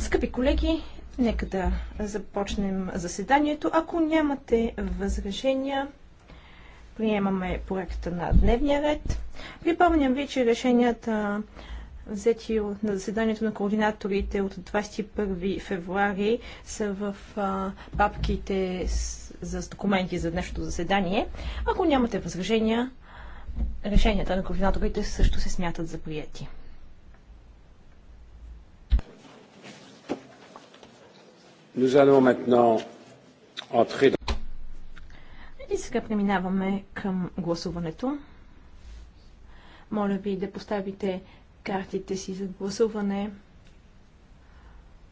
Скъпи колеги, нека да започнем заседанието. Ако нямате възражения, приемаме проекта на дневния ред. Припомням ви, че решенията взети на заседанието на координаторите от 21 февруари са в папките с, за документи за днешното заседание. Ако нямате възражения, решенията на координаторите също се смятат за прияти. И сега преминаваме към гласуването. Моля ви да поставите картите си за гласуване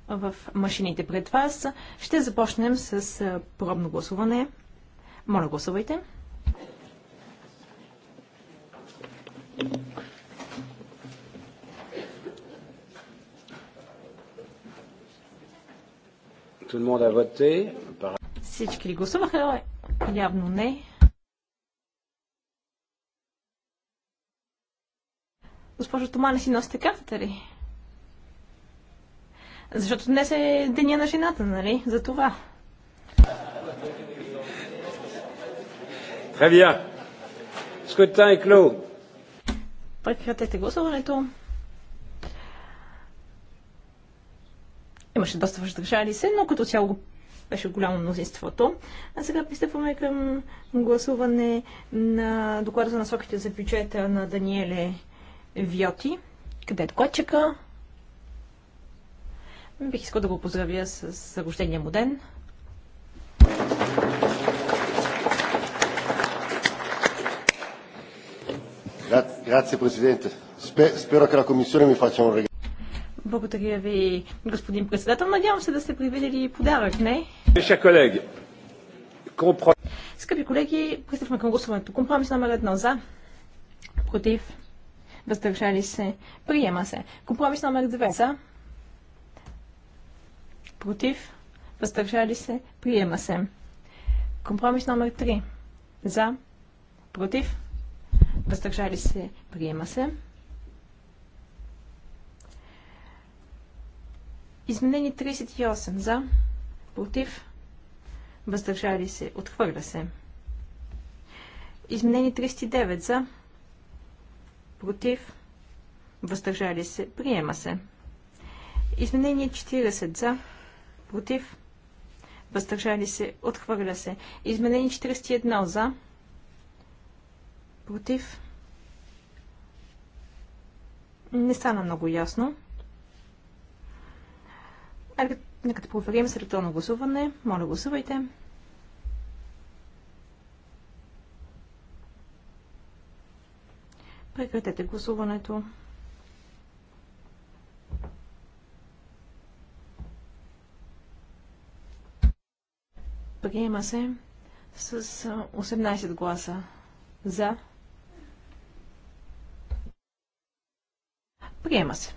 в машините пред вас. Ще започнем с пробно гласуване. Моля, гласувайте. Всички ли гласуваха? Явно не. Госпожо Томане, си носите картата ли? Защото днес е деня на жената, нали? За това. Très bien. Scrutin est clos. Прекратете гласуването. Имаше доста въздържали се, но като цяло беше голямо мнозинството. А сега пристъпваме към гласуване на доклада за насоките за бюджета на Даниеле Виоти. Къде е докладчика? Бих искал да го поздравя с рождения му ден. Presidente. президенте. Спера на комисия ми фача un Благодаря ви, господин председател. Надявам се да сте привидели подарък, не? колеги, Скъпи колеги, пристъпваме към гласуването. Компромис номер едно за, против, въздържали се, приема се. Компромис номер две за, против, въздържали се, приема се. Компромис номер три За, против, въздържали се, приема се. Изменени 38 за, против, въздържали се, отхвърля се. Изменени 39 за, против, въздържали се, приема се. Изменени 40 за, против, въздържали се, отхвърля се. Изменени 41 за, Против. Не стана много ясно. Нека да проверим с електронно гласуване. Моля, гласувайте. Прекратете гласуването. Приема се с 18 гласа за, Приема се.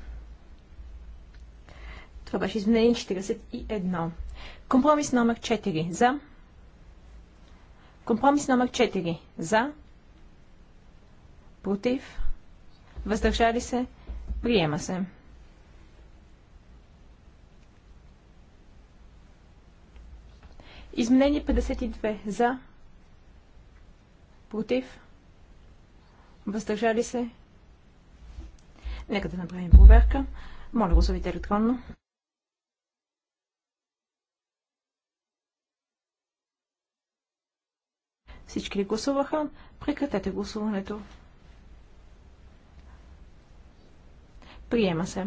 Това беше изменение 41. Компромис номер 4. За. Компромис номер 4. За. Против. Въздържали се. Приема се. Изменение 52. За. Против. Въздържали се. Нека да направим проверка. Моля, го гласувайте електронно. Всички ли гласуваха? Прекратете гласуването. Приема се.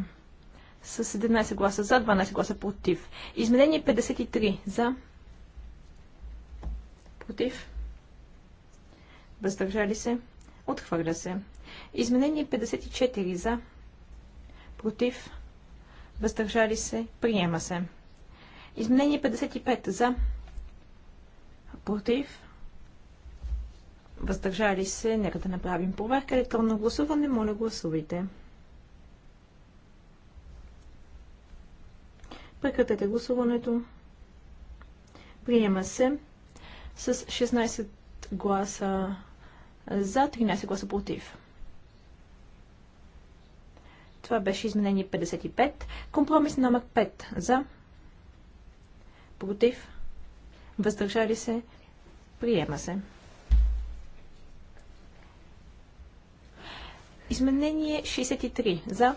С 17 гласа за, 12 гласа против. Изменение 53 за. Против. Въздържали се. Отхвърля се. Изменение 54 за против, въздържали се, приема се. Изменение 55 за, против, въздържали се, нека да направим проверка електронно гласуване, моля гласувайте. Прекратете гласуването. Приема се с 16 гласа за, 13 гласа против. Това беше изменение 55. Компромис номер 5. За. Против. Въздържали се. Приема се. Изменение 63. За.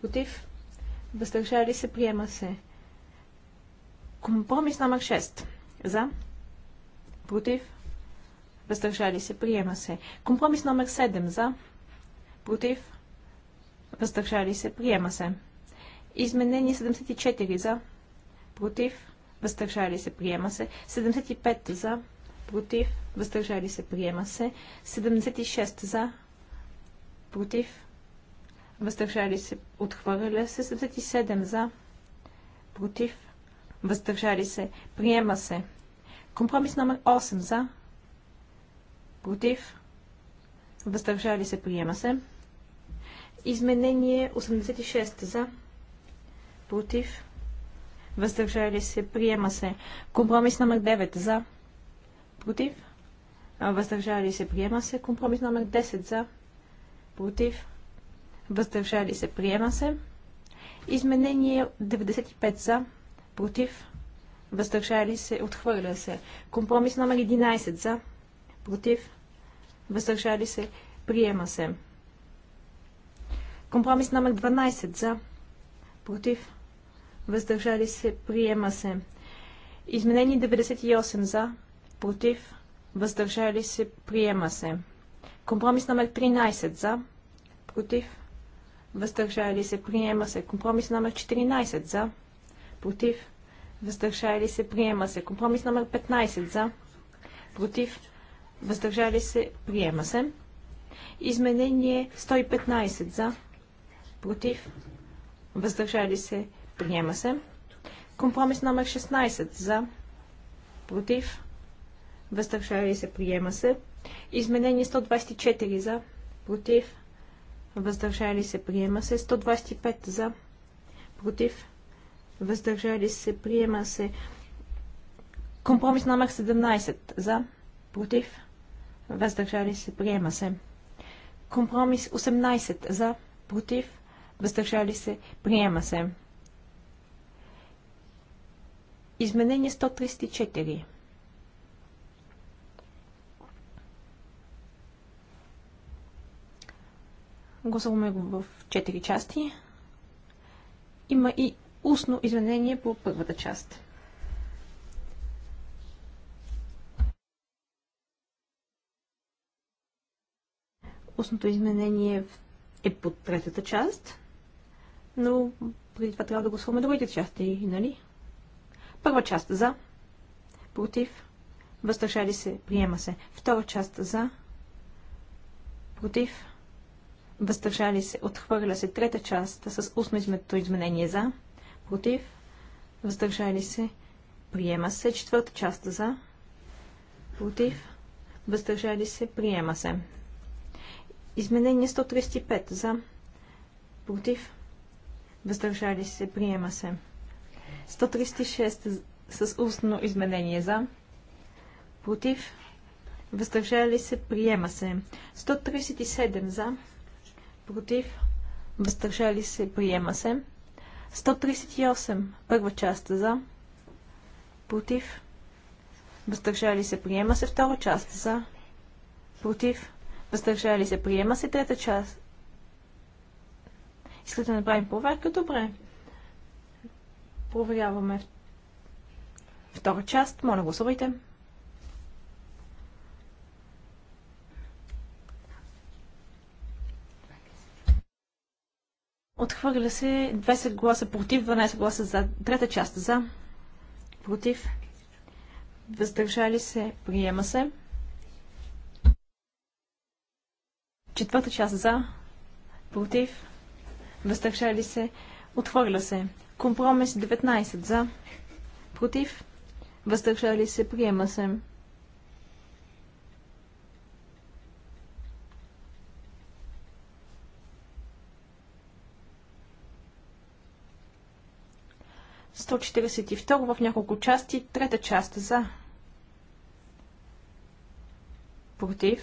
Против. Въздържали се. Приема се. Компромис номер 6. За. Против. Въздържали се. Приема се. Компромис номер 7. За. Против въздържали се, приема се. Изменение 74 за, против, въздържали се, приема се. 75 за, против, въздържали се, приема се. 76 за, против, въздържали се, отхвърля се. 77 за, против, въздържали се, приема се. Компромис номер 8 за, против, въздържали се, приема се. Изменение 86 за. Против. Въздържали се. Приема се. Компромис номер 9 за. Против. Въздържали се. Приема се. Компромис номер 10 за. Против. Въздържали се. Приема се. Изменение 95 за. Против. Въздържали се. Отхвърля се. Компромис номер 11 за. Против. Въздържали се. Приема се. Компромис номер 12 за, против, въздържали се, приема се. Изменение 98 за, против, въздържали се, приема се. Компромис номер 13 за, против, въздържали се, приема се. Компромис номер 14 за, против, въздържали се, приема се. Компромис номер 15 за, против, въздържали се, приема се. Изменение 115 за, против, въздържали се, приема се. Компромис номер 16 за, против, въздържали се, приема се. Изменение 124 за, против, въздържали се, приема се. 125 за, против, въздържали се, приема се. Компромис номер 17 за, против, въздържали се, приема се. Компромис 18 за, против, въздържали се, приема се. Изменение 134. Гласуваме го в 4 части. Има и устно изменение по първата част. Устното изменение е по третата част но преди това трябва да гласуваме другите части, нали? Първа част за, против, въздържали се, приема се. Втора част за, против, въздържали се, отхвърля се. Трета част с устно изменение за, против, въздържали се, приема се. Четвърта част за, против, въздържали се, приема се. Изменение 135 за, против, въздържали се, приема се. 136 с устно изменение за, против, въздържали се, приема се. 137 за, против, въздържали се, приема се. 138 първа част за, против, въздържали се, приема се. Втора част за, против, въздържали се, приема се. Трета част Искате да направим проверка? Добре. Проверяваме втора част. Моля, гласувайте. Отхвърля се 20 гласа против, 12 гласа за. Трета част за. Против. Въздържали се. Приема се. Четвърта част за. Против въздържали се, отхвърля се. Компромис 19 за, против, въздържали се, приема се. Сто в няколко части, трета част за, против,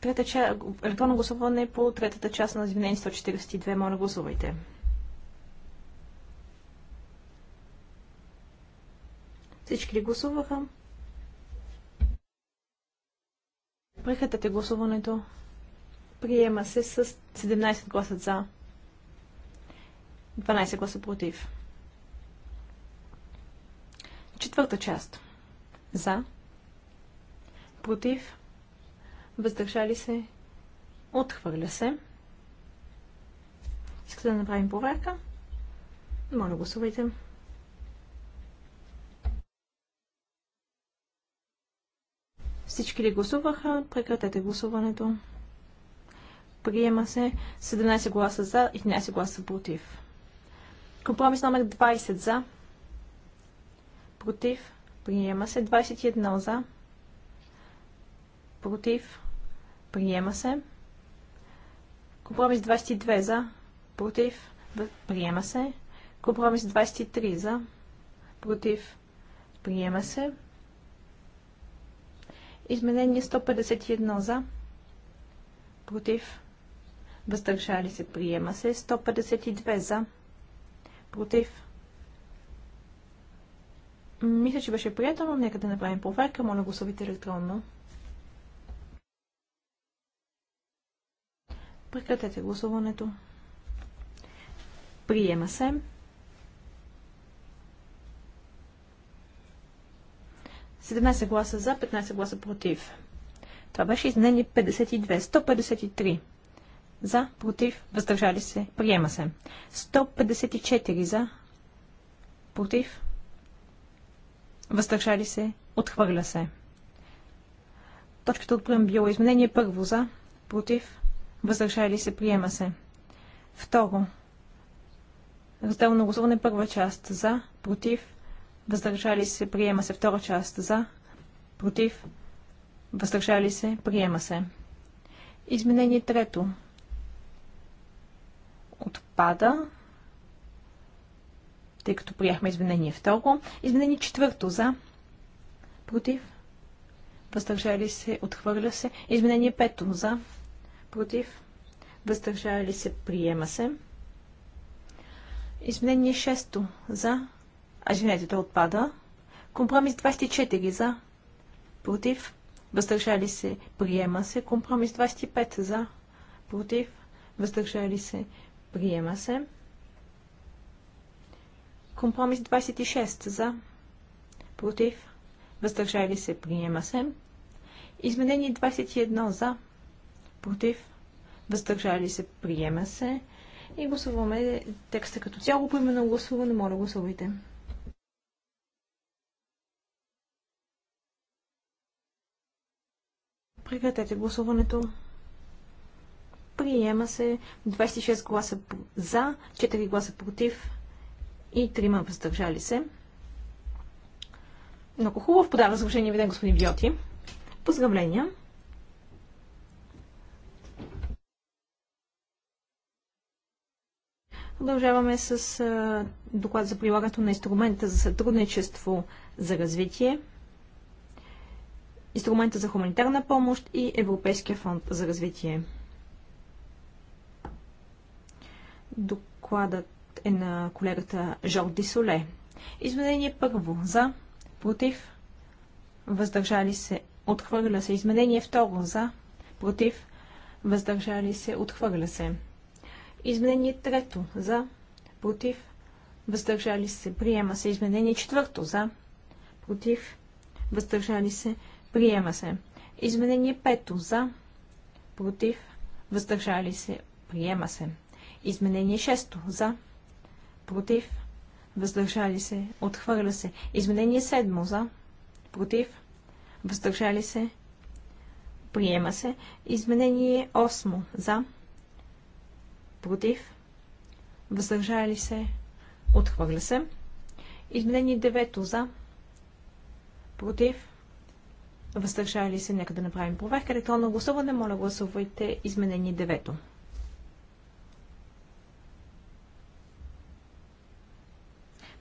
Трета ча... Електронно гласуване по третата част на извинение 142. Моля, гласувайте. Всички ли гласуваха? Прекратете гласуването. Приема се с 17 гласа за, 12 гласа против. Четвърта част. За. Против въздържали се, отхвърля се. Искате да направим проверка? Моля, гласувайте. Всички ли гласуваха? Прекратете гласуването. Приема се 17 гласа за, 11 гласа против. Компромис номер 20 за. Против. Приема се 21 за. Против. Приема се. Компромис 22 за. Против. Приема се. Компромис 23 за. Против. Приема се. Изменение 151 за. Против. Въздържали се. Приема се. 152 за. Против. Мисля, че беше приятелно. Нека да направим проверка. Моля, гласувайте електронно. Прекратете гласуването. Приема се. Седемнадесет гласа за, 15 гласа против. Това беше изменение 52. 153 за, против, въздържали се, приема се. 154 за, против, въздържали се, отхвърля се. Точката от преамбила изменение първо за, против, въздържали се, приема се. Второ. Разделно гласуване първа част за, против, въздържали се, приема се. Втора част за, против, въздържали се, приема се. Изменение трето. Отпада, тъй като приехме изменение второ. Изменение четвърто за, против, въздържали се, отхвърля се. Изменение пето за, против, въздържали се, приема се. Изменение 6 за, а извинете, да отпада. Компромис 24 за, против, въздържали се, приема се. Компромис 25 за, против, въздържали се, приема се. Компромис 26 за, против, въздържали се, приема се. Изменение 21 за, против, въздържали се, приема се. И гласуваме текста като цяло. По именно гласуване, моля гласувайте. Прекратете гласуването. Приема се 26 гласа за, 4 гласа против и 3 въздържали се. Много хубаво подава разрушение виден господин Биоти. Поздравления! Продължаваме с доклад за прилагането на инструмента за сътрудничество за развитие, инструмента за хуманитарна помощ и Европейския фонд за развитие. Докладът е на колегата Жор Дисоле. Изменение първо. За. Против. Въздържали се. Отхвърля се. Изменение второ. За. Против. Въздържали се. Отхвърля се. Изменение трето за, против, въздържали се, приема се. Изменение четвърто за, против, въздържали се, приема се. Изменение пето за, против, въздържали се, приема се. Изменение шесто за, против, въздържали се, отхвърля се. Изменение седмо за, против, въздържали се, приема се. Изменение осмо за, против, против, въздържали се, отхвърля се. Изменение 9 за, против, въздържали се, нека да направим проверка. Електронно гласуване, моля гласувайте изменение 9.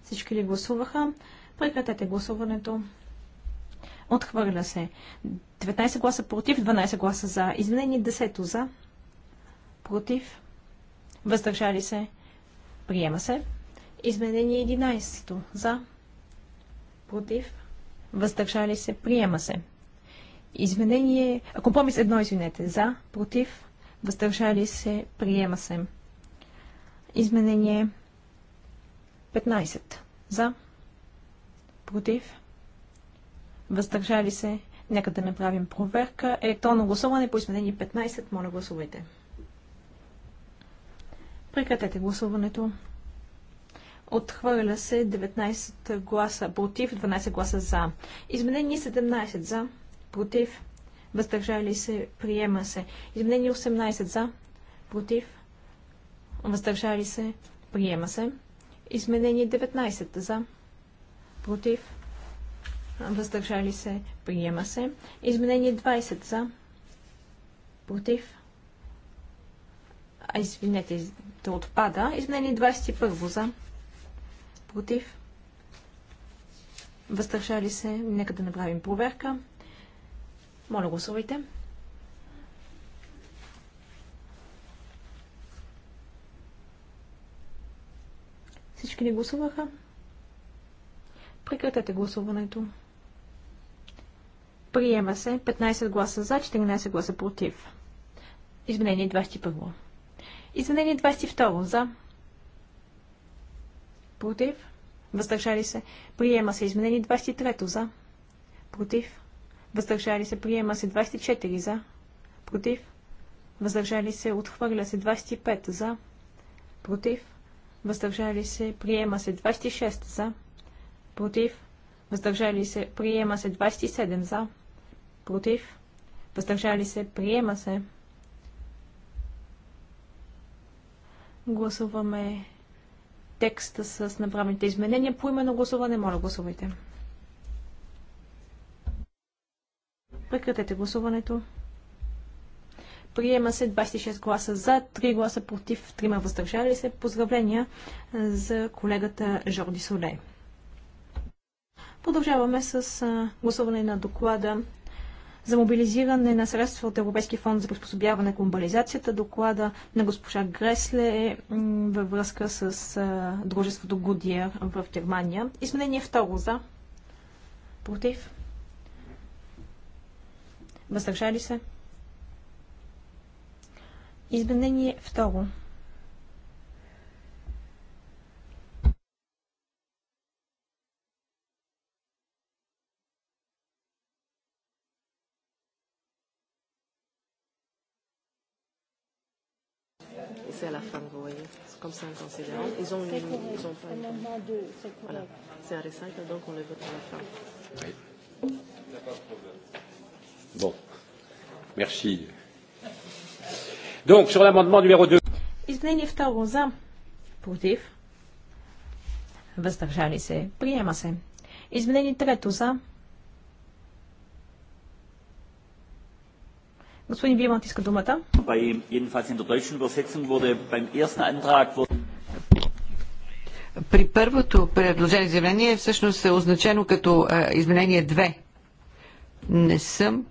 Всички ли гласуваха? Прекратете гласуването. Отхвърля се. 19 гласа против, 12 гласа за. Изменение 10 за. Против въздържали се, приема се. Изменение 11 за, против, въздържали се, приема се. Изменение, компромис едно, извинете, за, против, въздържали се, приема се. Изменение 15 за, против, въздържали се, Нека да направим проверка. Електронно гласуване по изменение 15. Моля гласувайте. Прекратете гласуването. Отхвърля се 19 гласа против, 12 гласа за. Изменени 17 за, против, въздържали се, приема се. Изменени 18 за, против, въздържали се, приема се. Изменени 19 за, против, въздържали се, приема се. Изменени 20 за, против, а извинете, да отпада. Изменени 21 за. Против. Въздържали се. Нека да направим проверка. Моля, гласувайте. Всички ли гласуваха? Прекратете гласуването. Приема се 15 гласа за, 14 гласа против. Изменение 21. Изменение 22 за. Против. Въздържали се. Приема се. Изменение 23 за. Против. Въздържали се. Приема се. 24 за. Против. Въздържали се. Отхвърля се. 25 за. Против. Въздържали се. Приема се. 26 за. Против. Въздържали се. Приема се. 27 за. Против. Въздържали се. Приема се. Гласуваме текста с направените изменения. По именно гласуване, моля гласувайте. Прекратете гласуването. Приема се 26 гласа за, 3 гласа против, 3 въздържали се. Поздравления за колегата Жорди Соле. Продължаваме с гласуване на доклада за мобилизиране на средства от Европейския фонд за приспособяване към глобализацията. Доклада на госпожа Гресле е във връзка с а, дружеството Гудия в Германия. Изменение второ за. Против. Въздържали се. Изменение второ. femmes, vous voyez. C'est comme ça un considérant. Ils ont une. Ils ont pas une 2, c'est Voilà. C'est un recycle, donc on le vote à la fin. Oui. Bon. Merci. Donc, sur l'amendement numéro 2. Изменение второ за, против, въздържали се, приема се. Изменение трето за, Господин Вимонт иска думата. При първото предложение изявление всъщност е означено като е, изменение 2. Не съм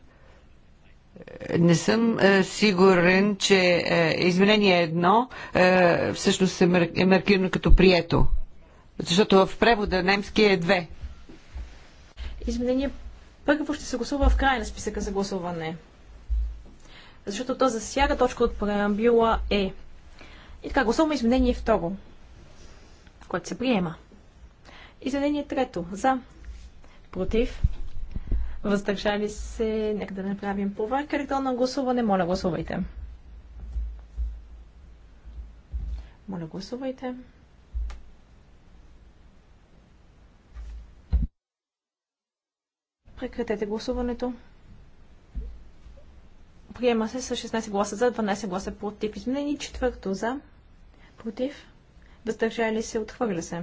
е, не съм е, сигурен, че е, изменение едно е, всъщност е, мар, е маркирано като прието. Защото в превода немски е две. Изменение първо ще се гласува в края на списъка за гласуване защото то засяга точка от преамбюла Е. И така, гласуваме изменение второ, което се приема. Изменение трето. За. Против. Въздържали се. Нека да направим проверка. Електронно гласуване. Моля, гласувайте. Моля, гласувайте. Прекратете гласуването. Приема се с 16 гласа за, 12 гласа против. Изменени, четвърто за, против, въздържали се, отхвърля се.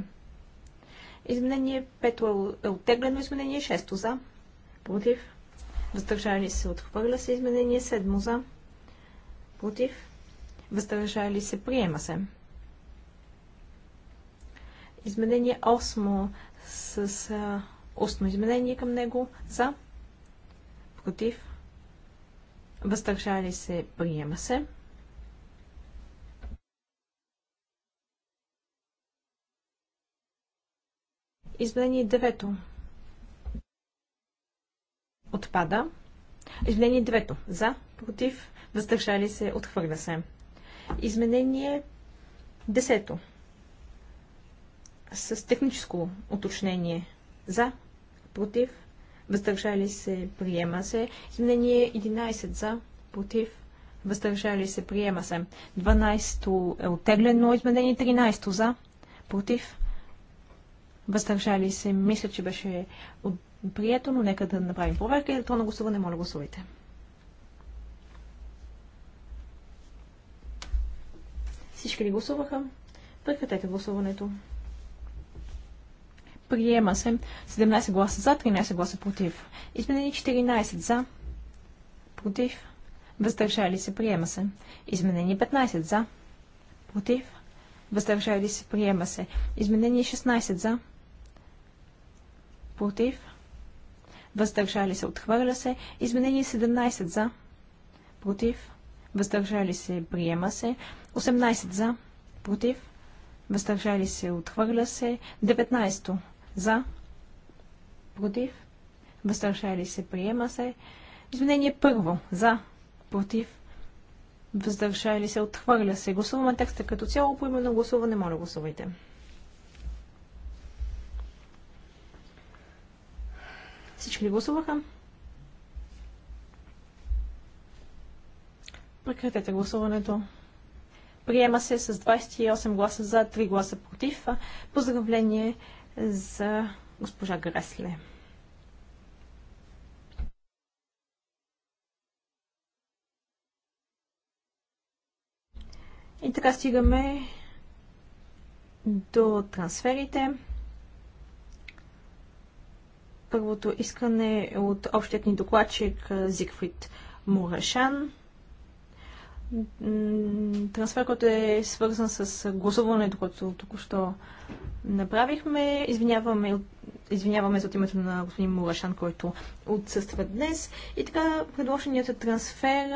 Изменение 5 е оттеглено, изменение 6 за, против, въздържали се, отхвърля се. Изменение 7 за, против, въздържали се, приема се. Изменение 8 с устно изменение към него за, против, въздържали се, приема се. Изменение девето. отпада. Изменение девето, за, против, въздържали се, отхвърля се. Изменение десето. с техническо уточнение за, против, въздържали се, приема се. Изменение 11 за, против, въздържали се, приема се. 12 е оттеглено, изменение 13 за, против, въздържали се. Мисля, че беше прието, но нека да направим проверка. и Електронно гласуване, моля гласувайте. Всички ли гласуваха? Прекратете гласуването. Приема се 17 гласа за, 13 гласа против. Изменени 14 за, против, въздържали се, приема се. Изменени 15 за, против, въздържали се, приема се. Изменени 16 за, против, въздържали се, отхвърля се. изменени 17 за, против, въздържали се, приема се. 18 за, против, въздържали се, отхвърля се. 19 за. Против. Въздържали се. Приема се. Извинение първо. За. Против. Въздържали се. Отхвърля се. Гласуваме текста като цяло. По именно гласуване. Моля, гласувайте. Всички ли гласуваха? Прекратете гласуването. Приема се с 28 гласа за, 3 гласа против. Поздравление за госпожа Гресле. И така стигаме до трансферите. Първото искане е от общият ни докладчик Зигфрид Мурашан трансфер, който е свързан с гласуването, което току-що направихме. Извиняваме, извиняваме за от името на господин Мурашан, който отсъства днес. И така предложеният трансфер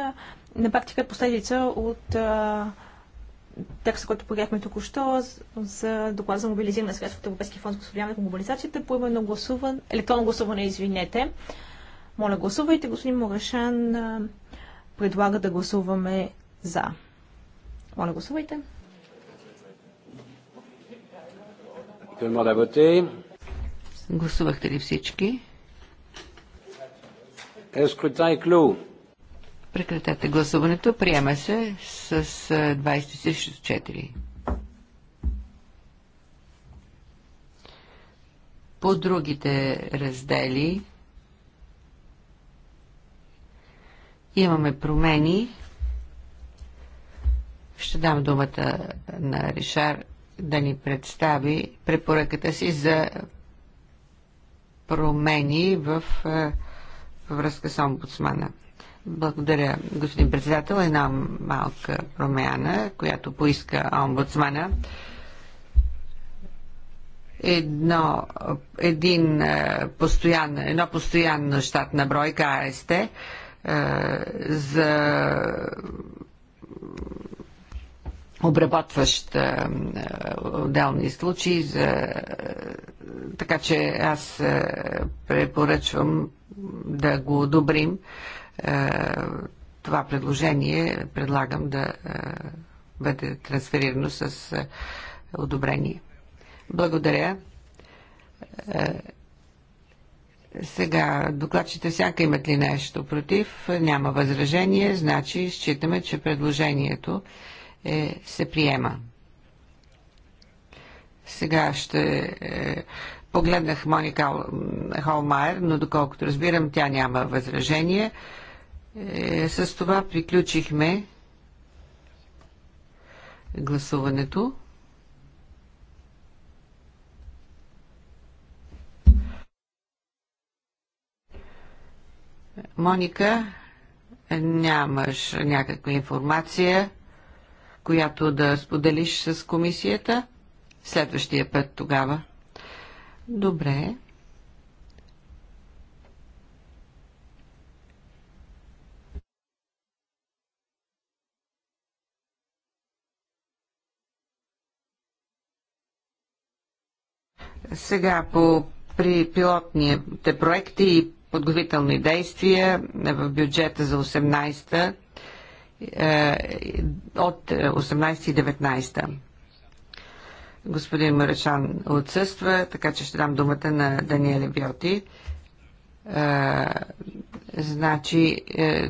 на практика е последица от текста, който приехме току-що за доклад за мобилизиране средства от Европейския фонд за възстановяване на глобализацията, по именно гласуване, електронно гласуване, извинете. Моля, гласувайте. Господин Мурашан предлага да гласуваме за. Моля, гласувайте. Гласувахте ли всички? Е, Прекратете гласуването. Приема се с 20 4. По другите раздели Имаме промени. Ще дам думата на Ришар да ни представи препоръката си за промени в е, връзка с омбудсмана. Благодаря, господин председател. Една малка промяна, която поиска омбудсмана. Едно, един е, постоянно, едно постоянно щатна бройка АСТ за обработващ отделни случаи, за... така че аз препоръчвам да го одобрим. Това предложение предлагам да бъде трансферирано с одобрение. Благодаря. Сега, докладчите всяка имат ли нещо против? Няма възражение, значи считаме, че предложението е, се приема. Сега ще е, погледнах Моника Холмайер, но доколкото разбирам, тя няма възражение. Е, с това приключихме гласуването. Моника, нямаш някаква информация, която да споделиш с комисията? Следващия път тогава. Добре. Сега по при пилотните проекти и подготвителни действия в бюджета за 18-та е, от 18 и 19-та. Господин Марешан отсъства, така че ще дам думата на Даниеле Биоти. Е, значи, е,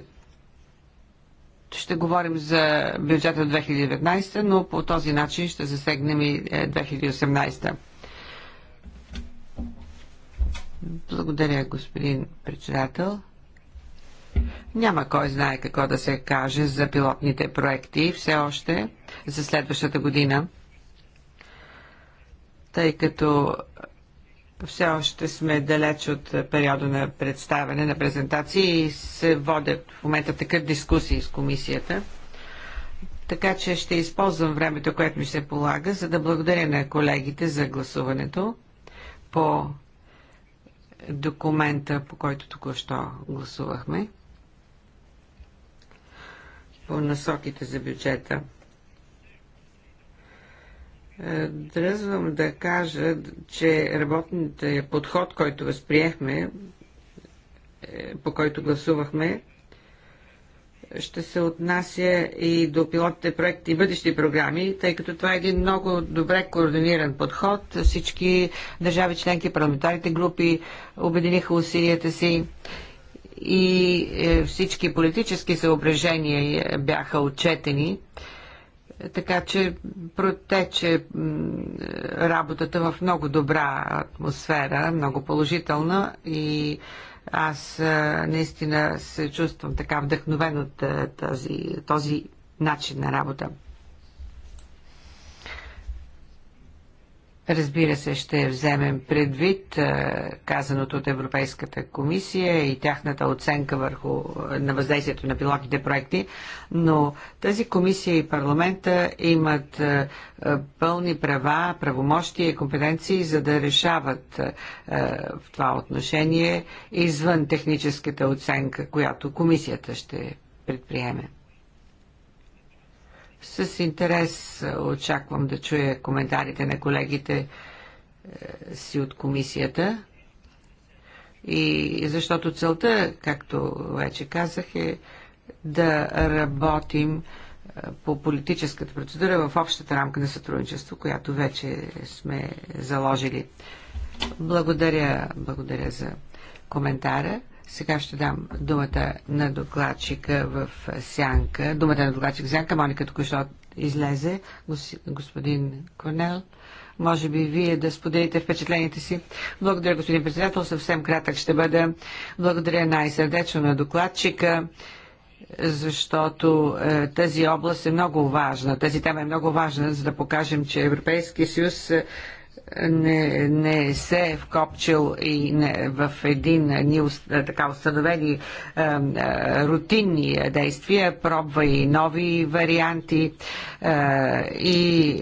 ще говорим за бюджета 2019, но по този начин ще засегнем и 2018. Благодаря, господин председател. Няма кой знае какво да се каже за пилотните проекти все още за следващата година, тъй като все още сме далеч от периода на представяне на презентации и се водят в момента такъв дискусии с комисията. Така че ще използвам времето, което ми се полага, за да благодаря на колегите за гласуването по документа, по който току-що гласувахме, по насоките за бюджета. Е, дръзвам да кажа, че работните подход, който възприехме, е, по който гласувахме, ще се отнася и до пилотните проекти и бъдещи програми, тъй като това е един много добре координиран подход. Всички държави членки, парламентарните групи обединиха усилията си и е, всички политически съображения е, бяха отчетени. Така че протече работата в много добра атмосфера, много положителна и аз наистина се чувствам така вдъхновен от този, този начин на работа. Разбира се, ще вземем предвид е, казаното от Европейската комисия и тяхната оценка върху е, на въздействието на пилотните проекти, но тази комисия и парламента имат е, пълни права, правомощия и компетенции, за да решават в това отношение извън техническата оценка, която комисията ще предприеме. С интерес очаквам да чуя коментарите на колегите е, си от комисията. И защото целта, както вече казах, е да работим е, по политическата процедура в общата рамка на сътрудничество, която вече сме заложили. Благодаря, благодаря за коментара. Сега ще дам думата на докладчика в Сянка. Думата на докладчик в Сянка. Моника тук ще излезе. Господин Корнел, може би вие да споделите впечатленията си. Благодаря, господин председател. Съвсем кратък ще бъда. Благодаря най-сърдечно на докладчика защото е, тази област е много важна. Тази тема е много важна, за да покажем, че Европейския съюз е, не, не се е вкопчил и не, в един ни, така установени е, е, рутинни действия, пробва и нови варианти е, и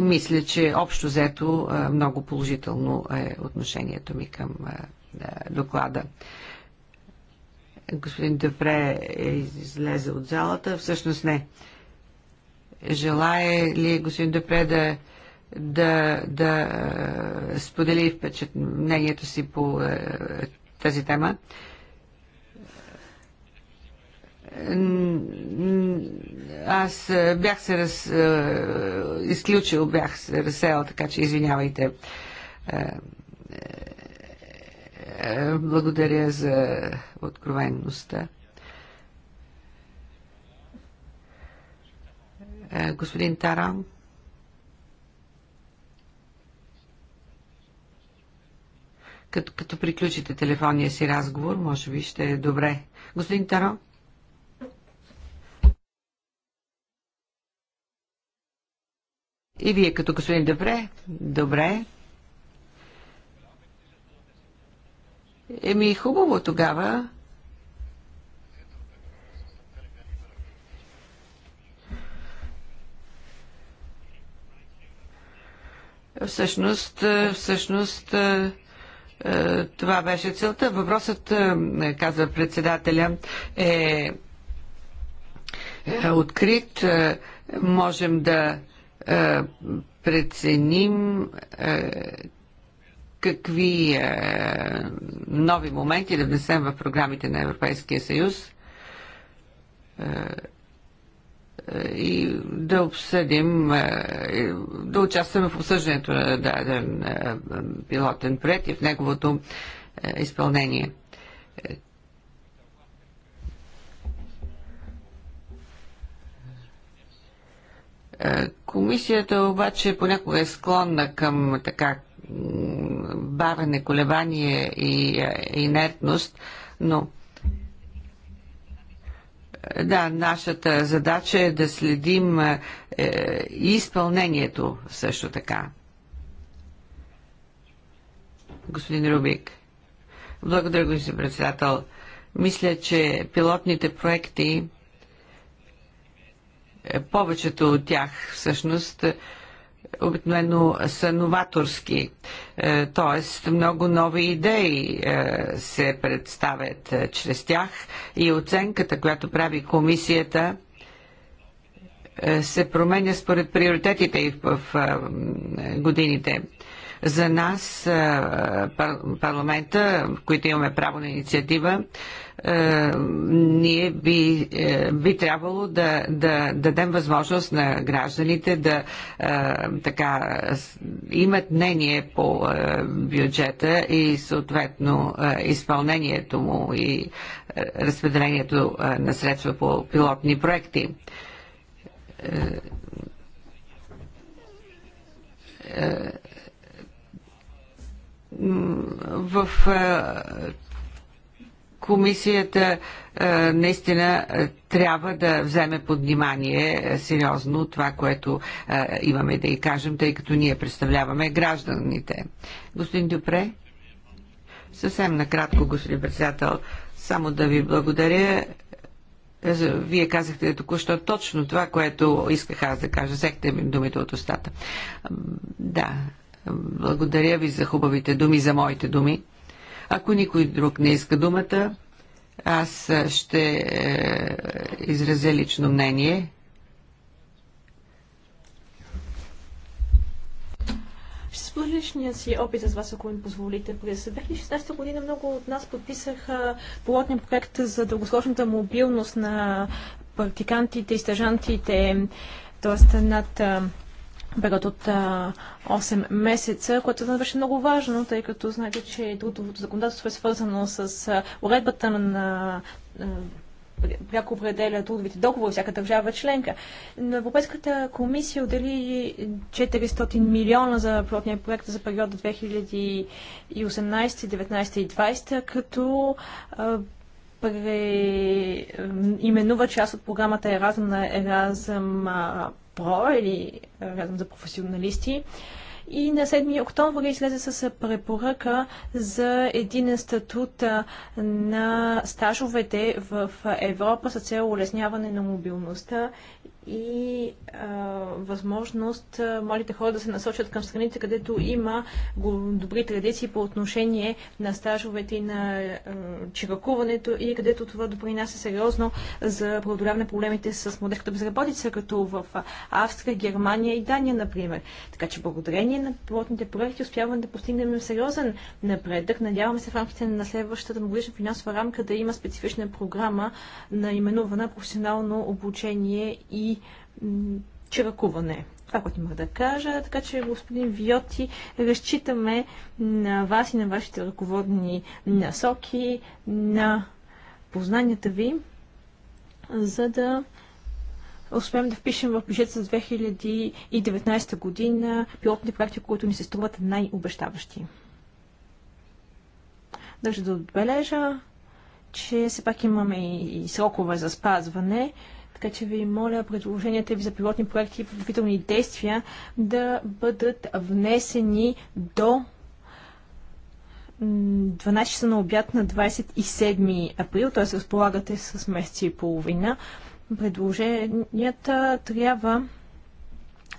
мисля, че общо взето е, много положително е отношението ми към е, доклада. Господин Депре е излезе от залата. Всъщност не. Желая ли е господин Депре да да, да е, сподели мнението си по е, тази тема аз е, бях се раз... изключил, бях се разсеял, така че извинявайте. Благодаря за откровенността. Господин Таран. Като, като приключите телефонния си разговор, може би ще е добре. Господин Таро? И вие като господин Добре? Добре. Еми, хубаво тогава. Всъщност, всъщност, е, това беше целта. Въпросът, е, казва председателя, е, е открит. Можем да преценим какви нови моменти да внесем в програмите на Европейския съюз и да обсъдим, е, да участваме в обсъждането на даден е, пилотен проект и в неговото е, изпълнение. Комисията обаче понякога е склонна към така бавене, колебание и инертност, но да, нашата задача е да следим е, е изпълнението също така. Господин Рубик. Благодаря, господин председател. Мисля, че пилотните проекти, е, повечето от тях всъщност, обикновено са новаторски, т.е. много нови идеи е, се представят е, чрез тях и оценката, която прави комисията, е, се променя според приоритетите и в годините. За нас парламента, в които имаме право на инициатива, ние би, е, би трябвало да, да дадем възможност на гражданите да така имат мнение по бюджета и съответно изпълнението му и разпределението на средства по пилотни проекти е, е, в е, комисията е, наистина е, трябва да вземе под внимание сериозно това, което имаме да и кажем, тъй като ние представляваме гражданите. Господин Дюпре, съвсем накратко, господин председател, само да ви благодаря. Вие казахте току-що точно това, което исках аз да кажа. взехте ми думите от устата. Да, благодаря ви за хубавите думи, за моите думи. Ако никой друг не иска думата, аз ще е, изразя лично мнение. Ще споделя личния си опит с вас, ако ми позволите. През 2016 година много от нас подписаха полотния проект за дългосрочната мобилност на практикантите и стажантите, т.е. над период от а, 8 месеца, което за беше много важно, тъй като знаете, че трудовото законодателство е свързано с а, уредбата на на пряко определя трудовите договори всяка държава е членка. Но Европейската комисия отдели 400 милиона за пилотния проект за периода 2018, 2019 и 2020, като а, преименува част от програмата Еразъм на Еразъм ПРО или рядом за професионалисти. И на 7 октомври излезе с препоръка за един статут на стажовете в Европа с цел улесняване на мобилността и а, възможност младите хора да се насочат към страните, където има добри традиции по отношение на стажовете и на а, чиракуването и където това допринася сериозно за преодоляване проблемите с младежката безработица, като в Австрия, Германия и Дания, например. Така че благодарение на плотните проекти успяваме да постигнем сериозен напредък. Надяваме се в рамките на следващата годишна финансова рамка да има специфична програма на именувана професионално обучение и и чиракуване. Това, е което имах да кажа. Така че, господин Виоти, разчитаме на вас и на вашите ръководни насоки, на познанията ви, за да успеем да впишем в бюджет за 2019 година пилотни проекти, които ни се струват най-обещаващи. Държа да отбележа, че все пак имаме и срокове за спазване. Така че ви моля предложенията ви за пилотни проекти и подготвителни действия да бъдат внесени до 12 часа на обяд на 27 април, т.е. разполагате с месец и половина. Предложенията трябва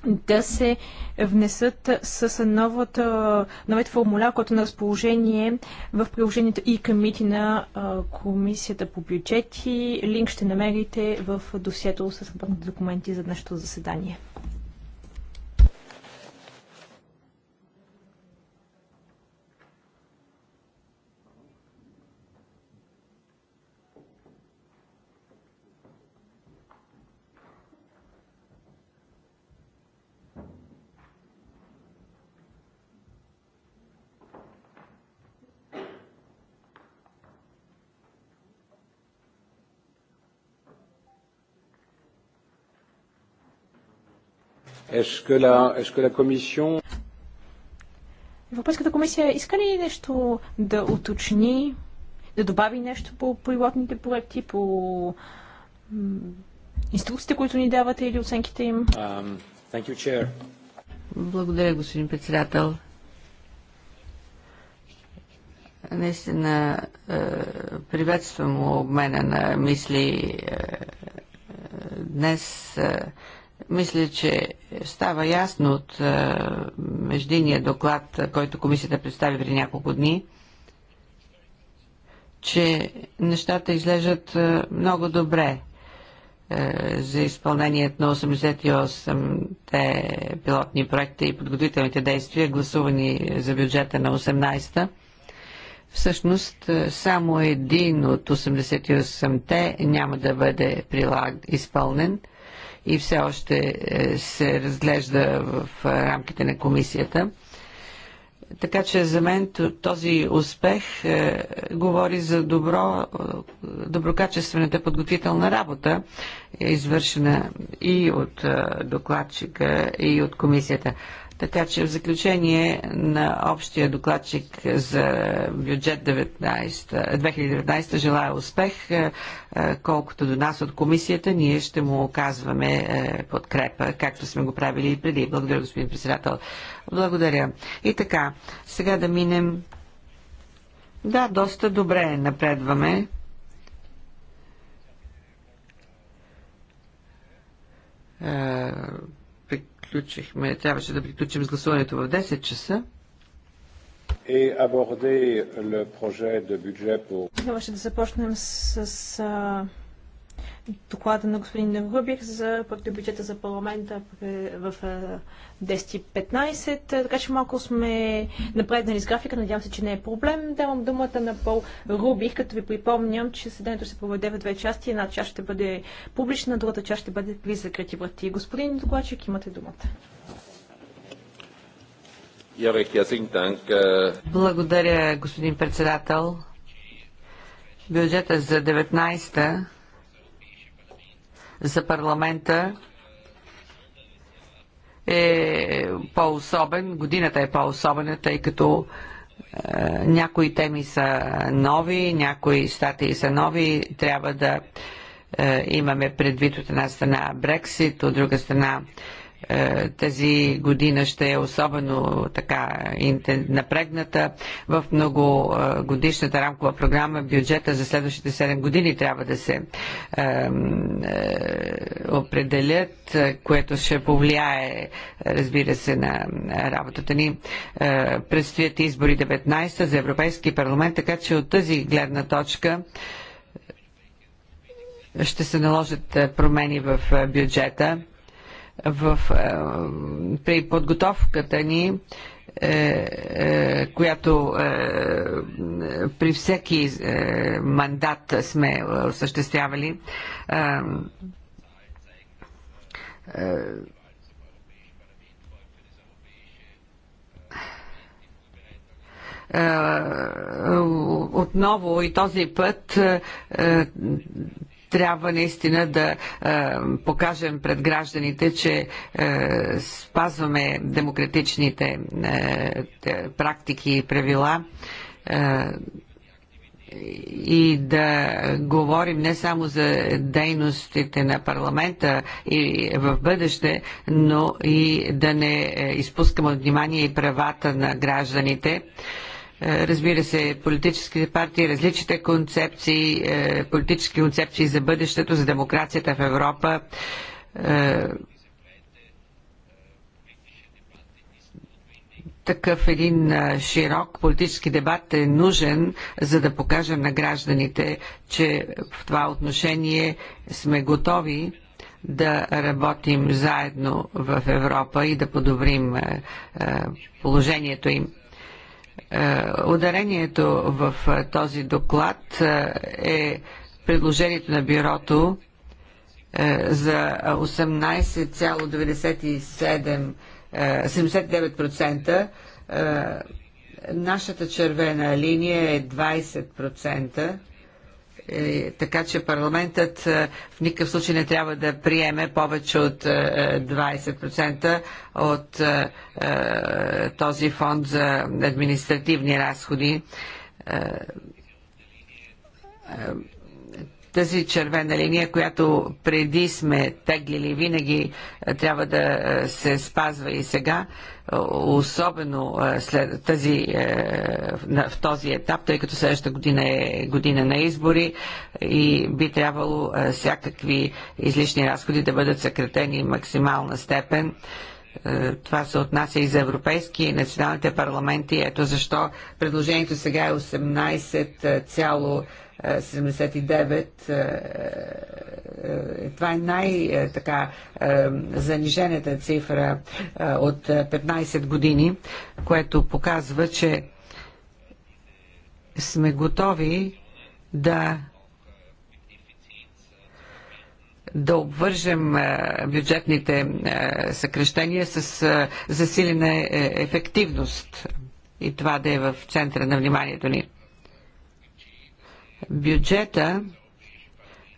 да се внесат с новата, новият формуляр, който е на разположение в приложението и комити на Комисията по бюджети. Линк ще намерите в досието с работните документи за днешното заседание. Европейската комисия иска ли нещо да уточни, да добави нещо по пилотните проекти, по инструкциите, които ни давате или оценките им? Um, you, Благодаря, господин председател. Наистина е, приветствам обмена на мисли е, е, днес. Мисля, че става ясно от е, междинния доклад, който комисията представи при няколко дни, че нещата излежат е, много добре е, за изпълнението на 88-те пилотни проекта и подготовителните действия, гласувани за бюджета на 18-та. Всъщност, само един от 88-те няма да бъде прилаг, изпълнен – и все още е, се разглежда в е, рамките на комисията. Така че за мен този успех е, говори за добро, доброкачествената подготвителна работа, извършена и от докладчика, и от комисията. Така че в заключение на общия докладчик за бюджет 19, 2019 желая успех. Е, е, колкото до нас от комисията, ние ще му оказваме е, подкрепа, както сме го правили и преди. Благодаря, господин председател. Благодаря. И така, сега да минем. Да, доста добре напредваме. Uh приключихме, трябваше да приключим с гласуването в 10 часа. И Трябваше да започнем с, с доклада на господин Рубих за бюджета за парламента в 10.15, е, така че малко сме напреднали с графика, надявам се, че не е проблем. Давам думата на Пол Рубих, като ви припомням, че съдението се проведе в две части. Една част ще бъде публична, другата част ще бъде при закрити врати. Господин докладчик, имате думата. Е. Благодаря, господин председател. Бюджета за 19-та за парламента е по-особен, годината е по-особена, тъй като е, някои теми са нови, някои статии са нови, трябва да е, имаме предвид от една страна Брексит, от друга страна е, е, тази година ще е особено така напрегната. В многогодишната е, рамкова програма бюджета за следващите 7 години трябва да се е, е, определят, което ще повлияе, разбира се, на работата ни. Е, предстоят избори 19 за Европейски парламент, така че от тази гледна точка ще се наложат е, промени в бюджета в, е, при подготовката ни е, е, която при всеки мандат сме осъществявали. отново и този път трябва наистина да е, покажем пред гражданите, че е, спазваме демократичните е, практики и правила и да говорим не само за дейностите на парламента и в бъдеще, но и да не изпускаме от внимание и правата на гражданите. Е, разбира се, политическите партии, различните концепции, е, политически концепции за бъдещето, за демокрацията в Европа. Е, такъв един широк политически дебат е нужен, за да покажем на гражданите, че в това отношение сме готови да работим заедно в Европа и да подобрим положението им. Е, ударението в е, този доклад е, е предложението на бюрото за 18,97 Нашата червена линия е 20%. Е, така че парламентът е, в никакъв случай не трябва да приеме повече от 20% е, от този фонд за административни разходи тази червена линия, която преди сме теглили винаги, е, трябва да е, се спазва и сега, е, особено след тази, в този етап, тъй като следващата година е година на избори и би трябвало всякакви излишни разходи да бъдат съкратени в максимална степен. Това се отнася и за европейски и националните парламенти. Ето защо предложението сега е 18, цяло 79. Е, е, това е най-така е, занижената цифра от 15 години, което показва, че сме готови да да обвържем бюджетните съкрещения с засилена ефективност и това да е в центъра на вниманието ни. Бюджета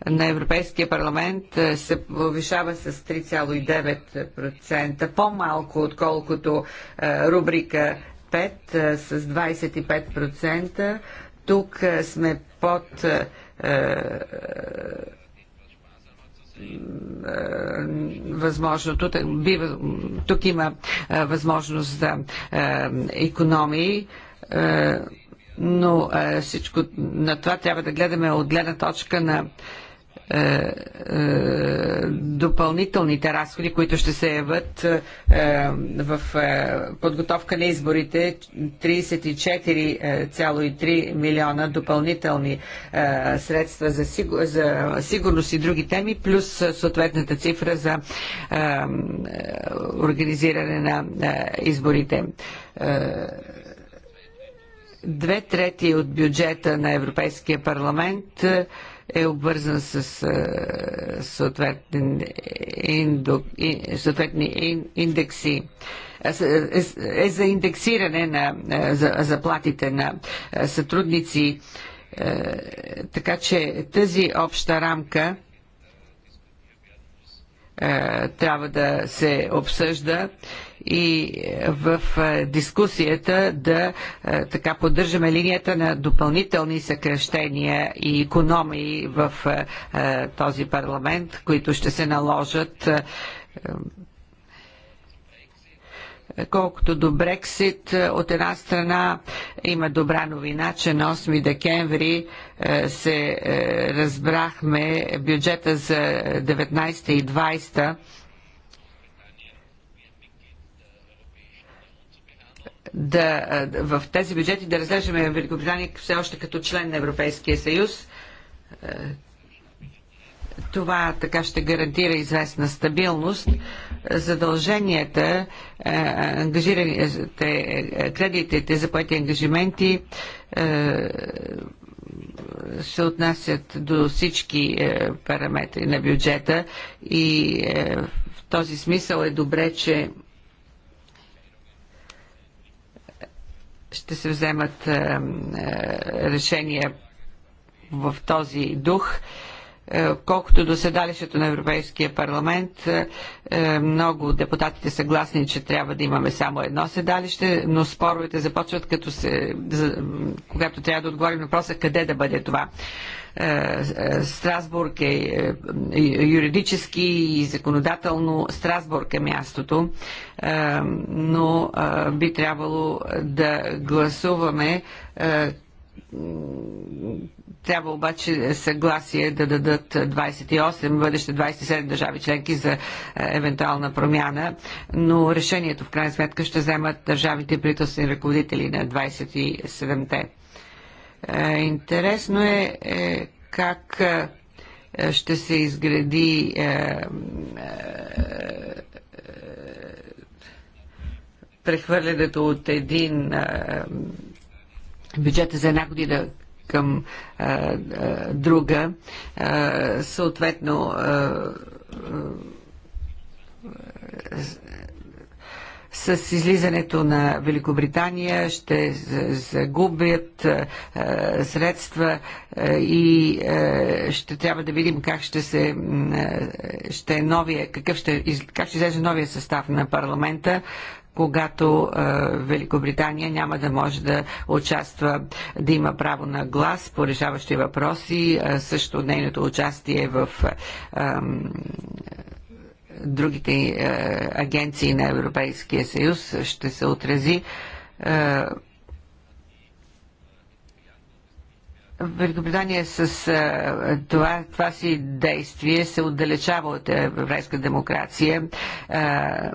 на Европейския парламент е, се повишава с 3,9%, по-малко отколкото е, рубрика 5 е, с 25%. Тук сме под възможното. Тук има възможност за економии но а, е, всичко на това трябва да гледаме от гледна точка на е, е, допълнителните разходи, които ще се явят в подготовка на изборите 34,3 милиона допълнителни средства за сигурност и други теми, плюс съответната цифра за организиране на изборите Две трети от бюджета на Европейския парламент е, е обвързан с е, съответни индекси е, е за индексиране на заплатите на сътрудници. Така че тази обща рамка трябва да се обсъжда и е, в е, дискусията да е, така поддържаме линията на допълнителни съкрещения и економии в този парламент, които ще се наложат колкото до Брексит, от една страна има добра новина, че на 8 декември се разбрахме бюджета за 19 и 20 да, в тези бюджети да разглеждаме Великобритания все още като член на Европейския съюз. Това така ще гарантира известна стабилност. Задълженията, ангажираните кредитите за поети ангажименти се отнасят до всички параметри на бюджета и в този смисъл е добре, че ще се вземат е, решения в този дух. Е, колкото до седалището на Европейския парламент, е, е, много депутатите са гласни, че трябва да имаме само едно седалище, но споровете започват, като се, когато трябва да отговорим на въпроса къде да бъде това. Страсбург е юридически и законодателно Страсбург е мястото, но би трябвало да гласуваме трябва обаче съгласие да дадат 28, бъдеще 27 държави членки за е, евентуална промяна, но решението в крайна сметка ще вземат държавите правителствени ръководители на 27-те. Е, интересно е, е как ще се изгради прехвърлянето от един бюджета за една година към а, а, друга, а, съответно а, а, с излизането на Великобритания ще загубят а, средства а, и а, ще трябва да видим как ще се ще е новия, какъв ще, как ще излезе новия състав на парламента когато а, Великобритания няма да може да участва, да има право на глас по решаващи въпроси, а, също нейното участие в а, другите а, агенции на Европейския съюз ще се отрази. А, Великобритания с а, това, това си действие се отдалечава от европейска демокрация. А,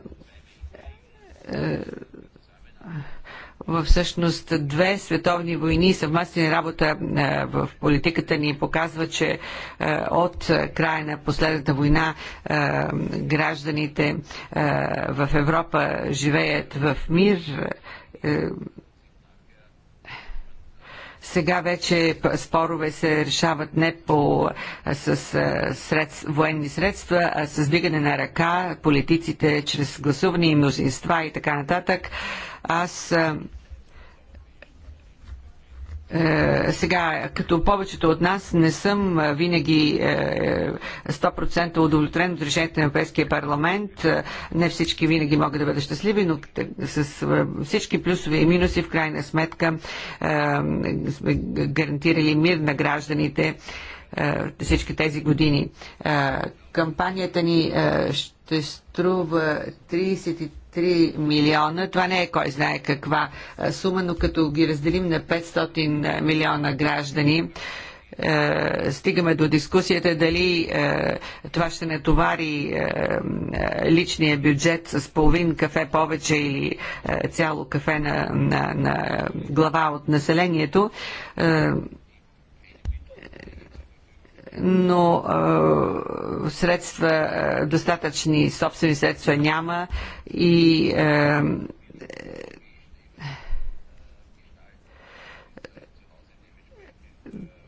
във е, е, всъщност две световни войни и съвместна работа е, в политиката ни показва, че от края на последната война гражданите в Европа живеят в мир сега вече спорове се решават не по, с средств, военни средства, а с вдигане на ръка, политиците чрез гласуване и мнозинства и така нататък. Аз е, сега, като повечето от нас, не съм е, винаги е, 100% удовлетворен от решението на Европейския парламент. Е, не всички винаги могат да бъдат щастливи, но с е, всички плюсове и минуси, в крайна сметка, е, сме гарантирали мир на гражданите всички тези години кампанията ни е, ще струва 33 милиона. Това не е кой знае каква е, сума, но като ги разделим на 500 е, милиона граждани, е, стигаме до дискусията дали е, това ще натовари е, личния бюджет с половин кафе повече или е, цяло кафе на, на, на глава от населението. Е, но средства, достатъчни собствени средства няма и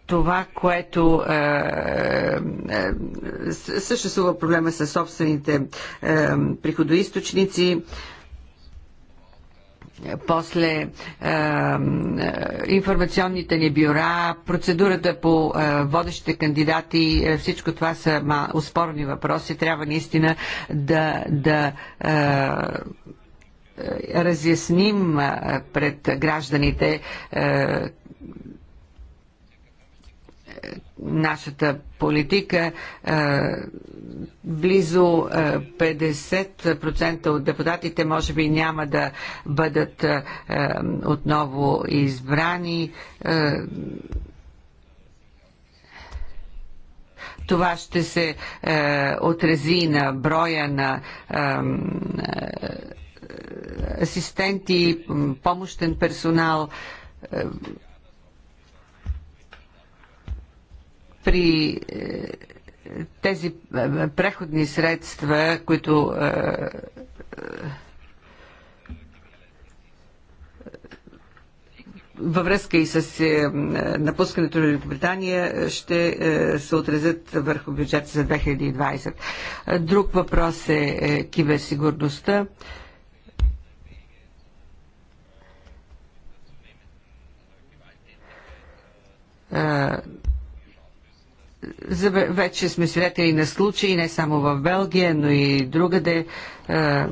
това, което съществува проблема с собствените е, приходоисточници, после е, е, информационните ни бюра, процедурата по е, водещите кандидати, всичко това са ма, успорни въпроси. Трябва наистина да, да разясним пред гражданите нашата политика. Е, близо 50% е, от депутатите може би няма да бъдат е, отново избрани. Това ще се отрази на броя на асистенти, помощен персонал. при е, тези е, преходни средства, които е, във връзка и с напускането на Великобритания ще се отразят върху бюджета за 2020. Друг въпрос е киберсигурността. Uh вече сме свидетели на случаи, не само в Белгия, но и другаде. Е,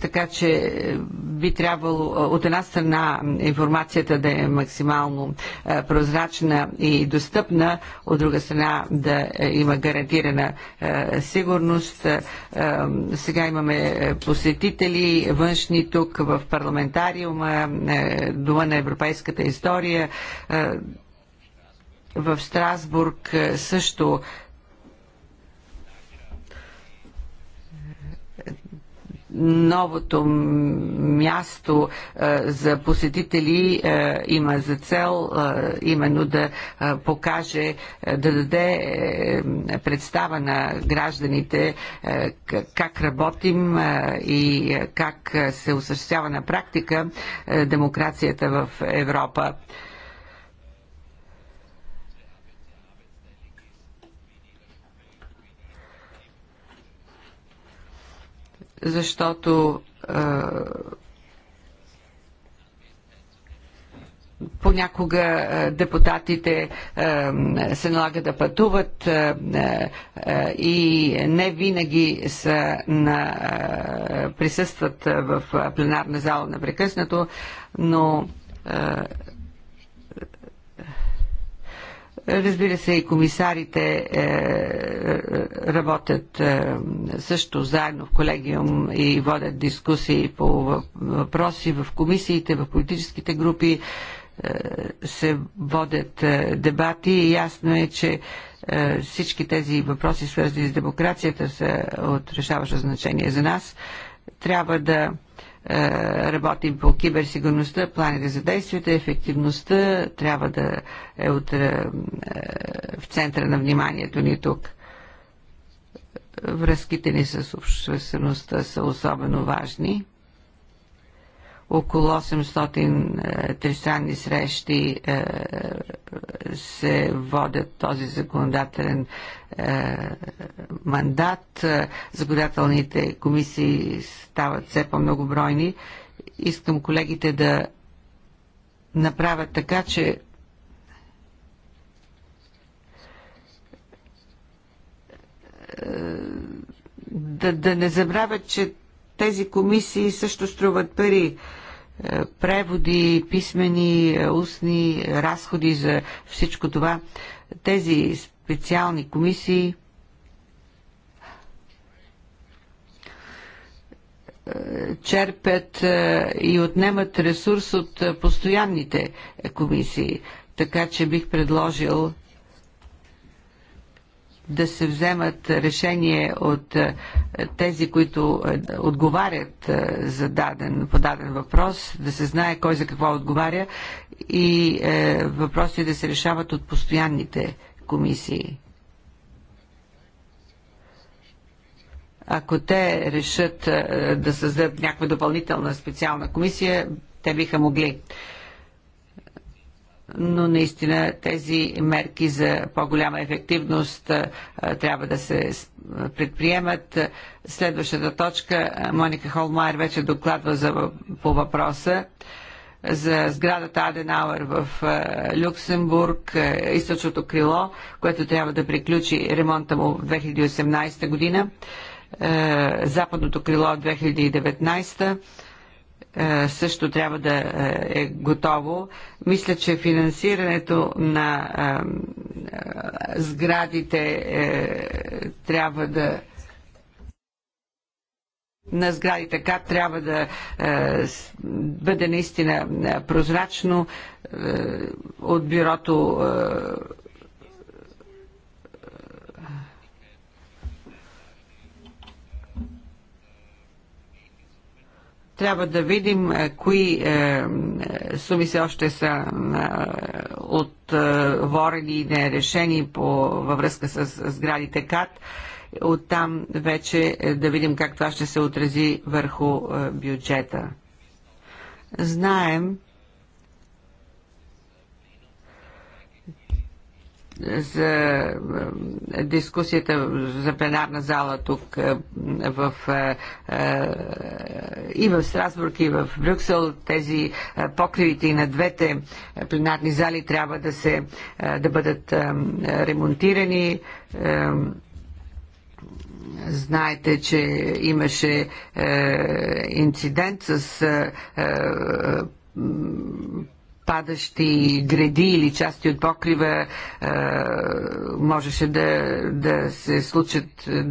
така че би трябвало е, от една страна информацията да е максимално е, прозрачна и достъпна, от друга страна да има гарантирана сигурност. Сега имаме посетители външни тук в парламентариума, Дома на европейската история. В Страсбург е, също е, новото място е, за посетители има за цел именно да покаже, да даде представа на гражданите как работим и как се осъществява на практика демокрацията в Европа. защото понякога депутатите се налага да пътуват и не винаги са на, присъстват в пленарна зала непрекъснато, но Разбира се, и комисарите е, работят е, също заедно в колегиум и водят дискусии по въпроси в комисиите, в политическите групи е, се водят е, дебати и ясно е, че е, всички тези въпроси, свързани с демокрацията, са от решаващо значение за нас. Трябва да е, работим по киберсигурността, планите за действията, ефективността трябва да е от, е, в центъра на вниманието ни тук. Връзките ни с обществеността са особено важни около 800 е, тристранни срещи е, се водят този законодателен е, мандат. Законодателните комисии стават все по-многобройни. Искам колегите да направят така, че да, да не забравят, че тези комисии също струват пари. Е, преводи, писмени, е, устни, разходи за всичко това. Тези специални комисии е, черпят и отнемат ресурс от постоянните комисии. Така че бих предложил да се вземат решение от е, тези, които е, отговарят е, за даден, по даден въпрос, да се знае кой за какво отговаря и въпроси да се решават от постоянните комисии. Ако те решат да създадат някаква допълнителна специална комисия, те биха могли но наистина тези мерки за по-голяма ефективност трябва да се предприемат. Следващата точка, Моника Холмайер вече докладва за, по въпроса за сградата Аденауер в Люксембург, източното крило, което трябва да приключи ремонта му в 2018 година, западното крило 2019 е, също трябва да е, е готово. Мисля, че финансирането на е, сградите трябва да на сгради така трябва да е, бъде наистина прозрачно е, от бюрото е, Трябва да видим е, кои е, суми се още са е, отворени и нерешени по, във връзка с сградите КАТ. там вече да видим как това ще се отрази върху бюджета. Знаем, за е, дискусията за пленарна зала тук е, в, е, и в Страсбург, и в Брюксел. Тези покривите и на двете пленарни зали трябва да, се, да бъдат ремонтирани. Знаете, че имаше инцидент с падащи гради или части от покрива а, е, можеше да, да се случат е,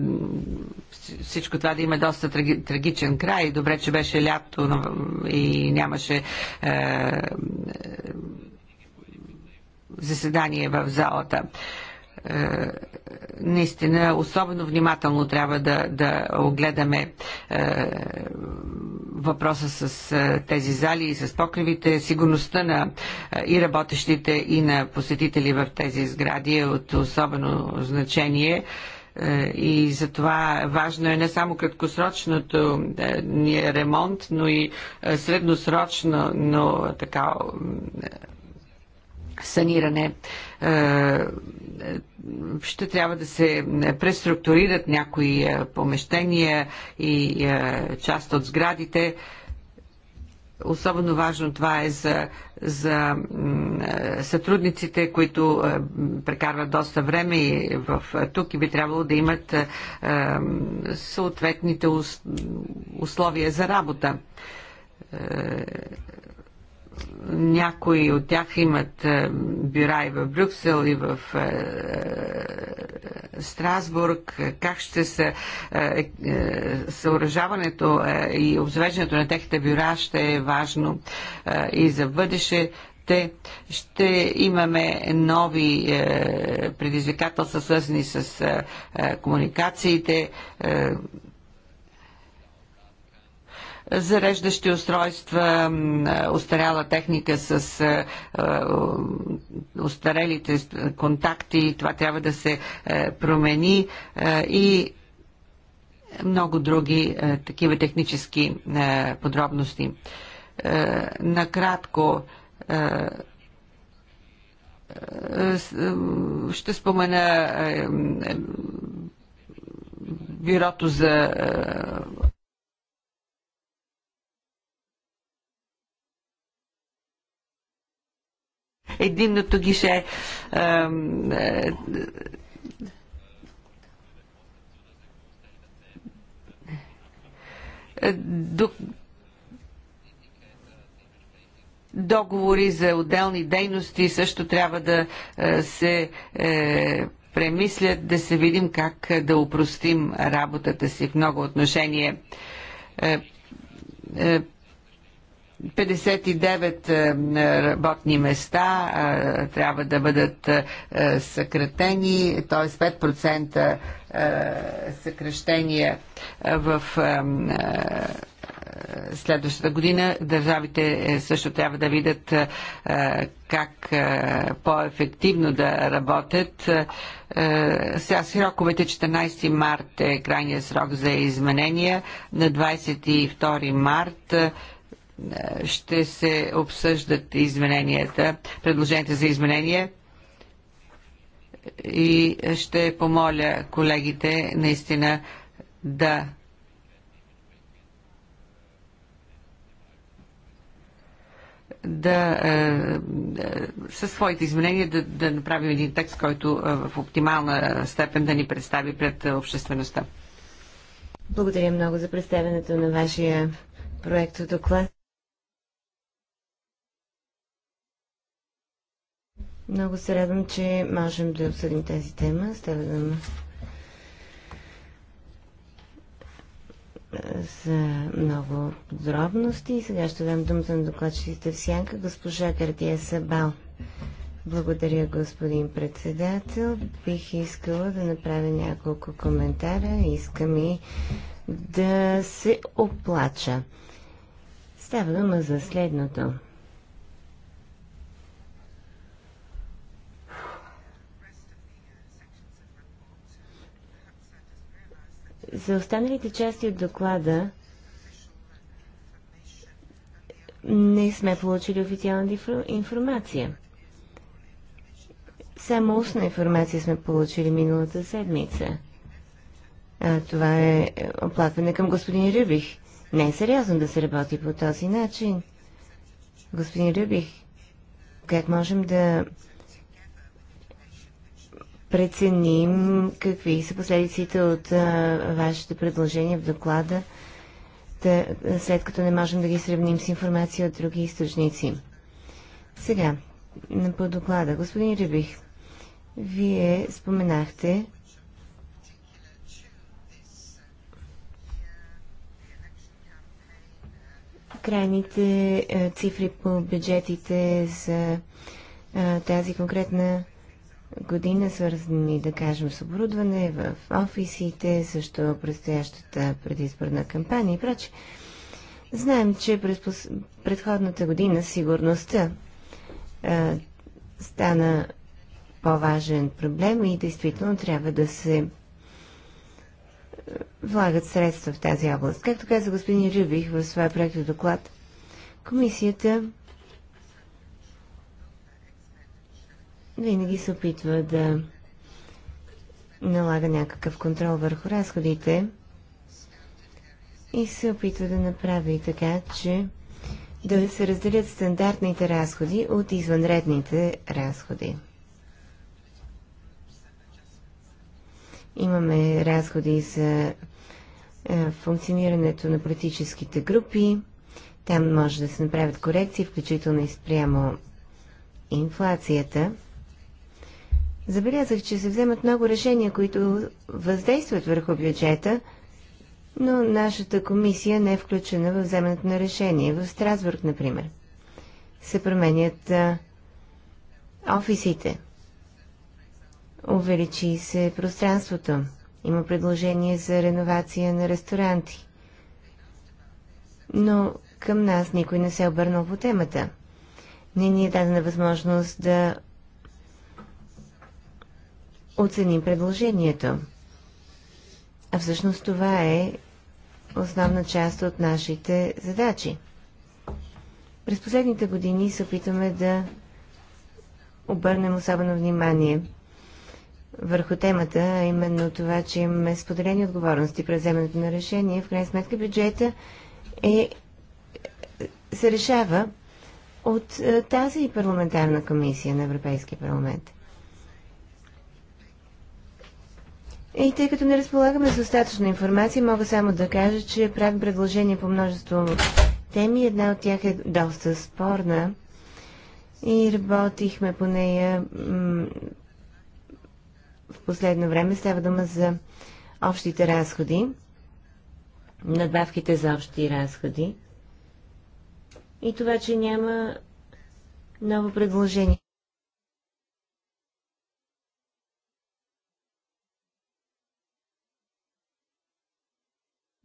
всичко това да има доста трагичен край. Добре, че беше лято и нямаше а, е, заседание в залата. А, е, наистина особено внимателно трябва да, да огледаме е, въпроса с е, тези зали и с покривите, сигурността на е, и работещите и на посетители в тези сгради е от особено значение. Е, и затова важно е не само краткосрочното е, ни ремонт, но и средносрочно, но така саниране. Е, ще трябва да се преструктурират някои е, помещения и е, част от сградите. Особено важно това е за, за сътрудниците, които прекарват доста време и в, тук и би трябвало да имат съответните условия за работа някои от тях имат е, бюра и в Брюксел, и в е, Страсбург. Как ще се е, съоръжаването и обзвеждането на техните бюра ще е важно и за бъдеще те ще имаме нови предизвикателства, свързани с комуникациите зареждащи устройства, е, устаряла техника с е, е, устарелите контакти. Това трябва да се промени и много други такива технически подробности. Накратко, ще спомена бюрото за единното гише. Е, е, договори за отделни дейности също трябва да е, се премислят, да се видим как да упростим работата си в много отношения 59 е, работни места е, трябва да бъдат е, съкратени, т.е. 5% съкръщения в следващата година. Държавите също трябва да видят как по-ефективно да работят. Сега сроковете 14 март е крайния срок за изменения. На 22 март ще се обсъждат измененията, предложенията за изменения и ще помоля колегите наистина да да е, е, със своите изменения да, да направим един текст, който е, в оптимална степен да ни представи пред обществеността. Благодаря много за представянето на вашия проект от доклад. Много се радвам, че можем да обсъдим тази тема. Става дума за много подробности. И сега ще дам думата на докладчиците в сянка, госпожа Картия Сабал. Благодаря, господин председател. Бих искала да направя няколко коментара. Искам и да се оплача. Става дума за следното. За останалите части от доклада не сме получили официална информация. Само устна информация сме получили миналата седмица. А, това е оплакване към господин Рюбих. Не е сериозно да се работи по този начин. Господин Рюбих, как можем да преценим какви са последиците от а, вашето предложение в доклада, да, след като не можем да ги сравним с информация от други източници. Сега, по доклада. Господин Рибих, вие споменахте, крайните цифри по бюджетите за а, тази конкретна година, свързани, да кажем, с оборудване в офисите, също предстоящата предизборна кампания и прочи, Знаем, че през предходната година сигурността а, стана по-важен проблем и действително трябва да се влагат средства в тази област. Както каза господин Рюбих в своя проект доклад, комисията винаги се опитва да налага някакъв контрол върху разходите и се опитва да направи така, че да се разделят стандартните разходи от извънредните разходи. Имаме разходи за е, функционирането на политическите групи. Там може да се направят корекции, включително и спрямо инфлацията. Забелязах, че се вземат много решения, които въздействат върху бюджета, но нашата комисия не е включена в вземането на решение. В Страсбург, например, се променят а, офисите. Увеличи се пространството. Има предложение за реновация на ресторанти. Но към нас никой не се е обърнал по темата. Не ни е дадена възможност да оценим предложението. А всъщност това е основна част от нашите задачи. През последните години се опитваме да обърнем особено внимание върху темата, а именно това, че имаме споделени отговорности при вземането на решение. В крайна сметка бюджета е, се решава от е, тази парламентарна комисия на Европейския парламент. И тъй като не разполагаме с достатъчна информация, мога само да кажа, че правим предложения по множество теми. Една от тях е доста спорна и работихме по нея в последно време. Става дума за общите разходи, надбавките за общи разходи и това, че няма ново предложение.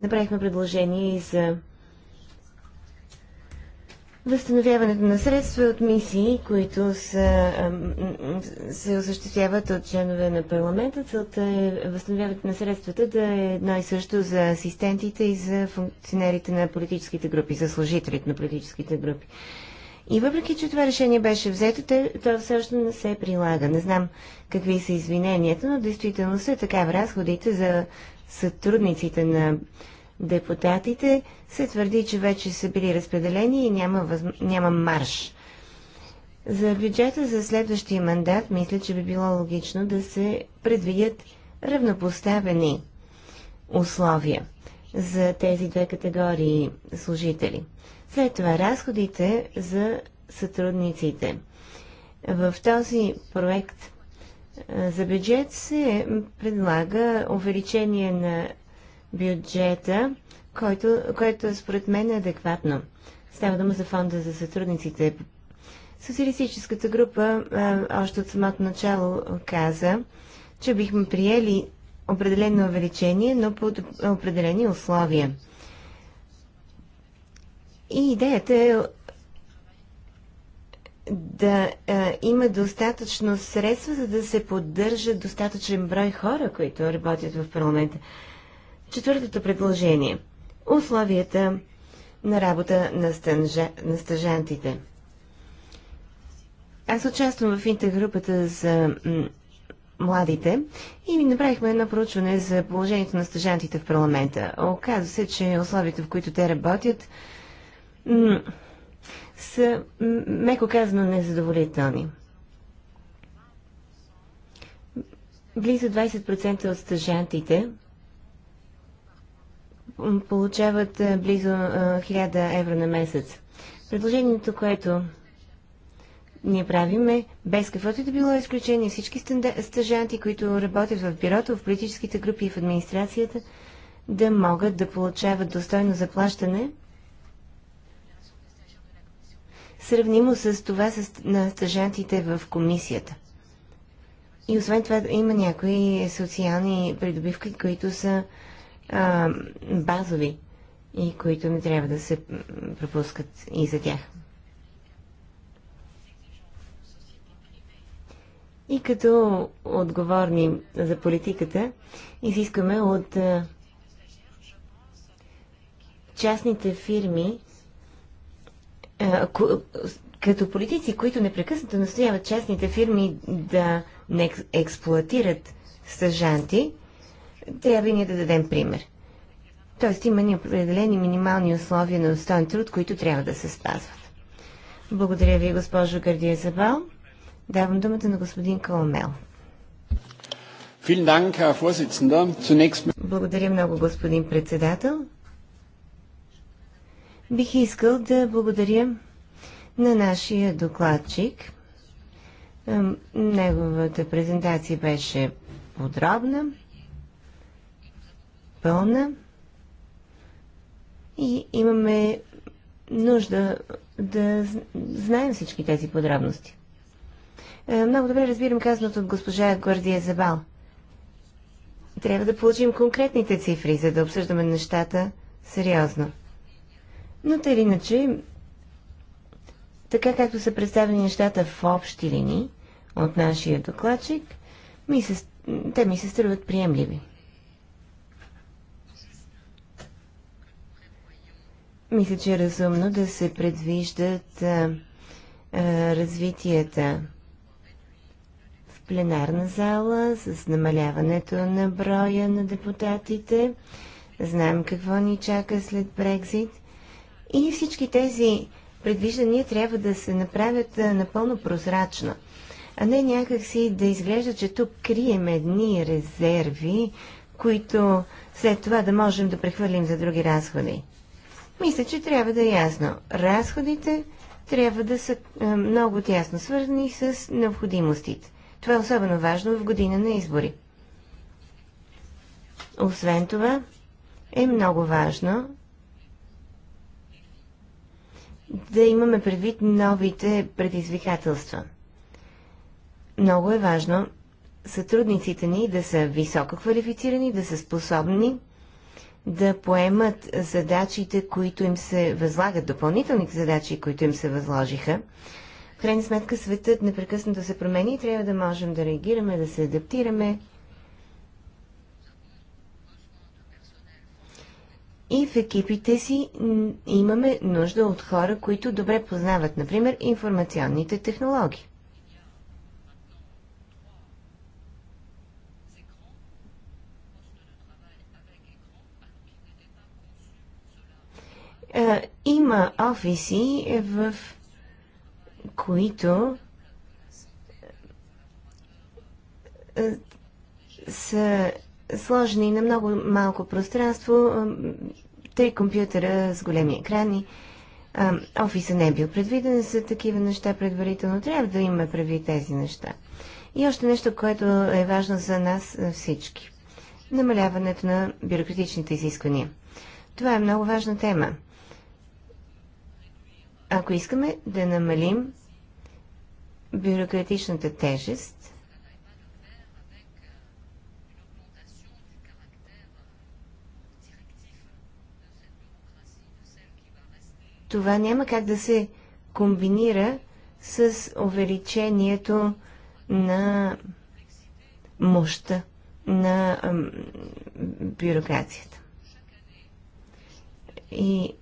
Направихме предложение и за възстановяването на средства от мисии, които са, се осъществяват от членове на парламента. Целта е възстановяването на средствата да е едно и също за асистентите и за функционерите на политическите групи, за служителите на политическите групи. И въпреки, че това решение беше взето, то все още не се прилага. Не знам какви са извиненията, но действително са такава разходите за сътрудниците на депутатите, се твърди, че вече са били разпределени и няма, въз... няма марш. За бюджета за следващия мандат мисля, че би било логично да се предвидят равнопоставени условия за тези две категории служители. След това разходите за сътрудниците. В този проект за бюджет се предлага увеличение на бюджета, който, е според мен е адекватно. Става дума за фонда за сътрудниците. Социалистическата група а, още от самото начало каза, че бихме приели определено увеличение, но под определени условия. И идеята е да а, е, има достатъчно средства, за да се поддържа достатъчен брой хора, които работят в парламента. Четвъртото предложение. Условията на работа на, стънжа, на стъжантите. Аз участвам в интергрупата за младите и направихме едно проучване за положението на стъжантите в парламента. Оказва се, че условията, в които те работят, са, меко казано, незадоволителни. Близо 20% от стъжантите получават близо 1000 евро на месец. Предложението, което ние правиме без каквото и да било изключение всички стъжанти, които работят в бюрото, в политическите групи и в администрацията, да могат да получават достойно заплащане – сравнимо с това на стъжантите в комисията. И освен това има някои социални придобивки, които са а, базови и които не трябва да се пропускат и за тях. И като отговорни за политиката, изискаме от частните фирми е, като политици, които непрекъснато настояват частните фирми да не експлуатират стъжанти, трябва и ние да дадем пример. Тоест има ни определени минимални условия на достоен труд, които трябва да се спазват. Благодаря ви, госпожо Гардия Забал. Давам думата на господин Калмел. Благодаря много, господин председател. Бих искал да благодаря на нашия докладчик. Неговата презентация беше подробна, пълна и имаме нужда да знаем всички тези подробности. Е, много добре разбирам казаното от госпожа Гвардия Забал. Трябва да получим конкретните цифри, за да обсъждаме нещата сериозно. Но те или иначе, така както са представени нещата в общи линии от нашия докладчик, ми се, те ми се струват приемливи. Мисля, че е разумно да се предвиждат а, а, развитията в пленарна зала с намаляването на броя на депутатите. Знаем какво ни чака след Брекзит – и всички тези предвиждания трябва да се направят напълно прозрачно, а не някакси да изглежда, че тук крием едни резерви, които след това да можем да прехвърлим за други разходи. Мисля, че трябва да е ясно. Разходите трябва да са много тясно свързани с необходимостите. Това е особено важно в година на избори. Освен това, е много важно да имаме предвид новите предизвикателства. Много е важно сътрудниците ни да са високо квалифицирани, да са способни да поемат задачите, които им се възлагат, допълнителните задачи, които им се възложиха. В крайна сметка светът непрекъснато се промени и трябва да можем да реагираме, да се адаптираме И в екипите си имаме нужда от хора, които добре познават, например, информационните технологии. има офиси, е, в които е, са сложени на много малко пространство, три компютъра с големи екрани. Офиса не е бил предвиден за такива неща предварително. Трябва да имаме прави тези неща. И още нещо, което е важно за нас всички. Намаляването на бюрократичните изисквания. Това е много важна тема. Ако искаме да намалим бюрократичната тежест, това няма как да се комбинира с увеличението на мощта на бюрокрацията. И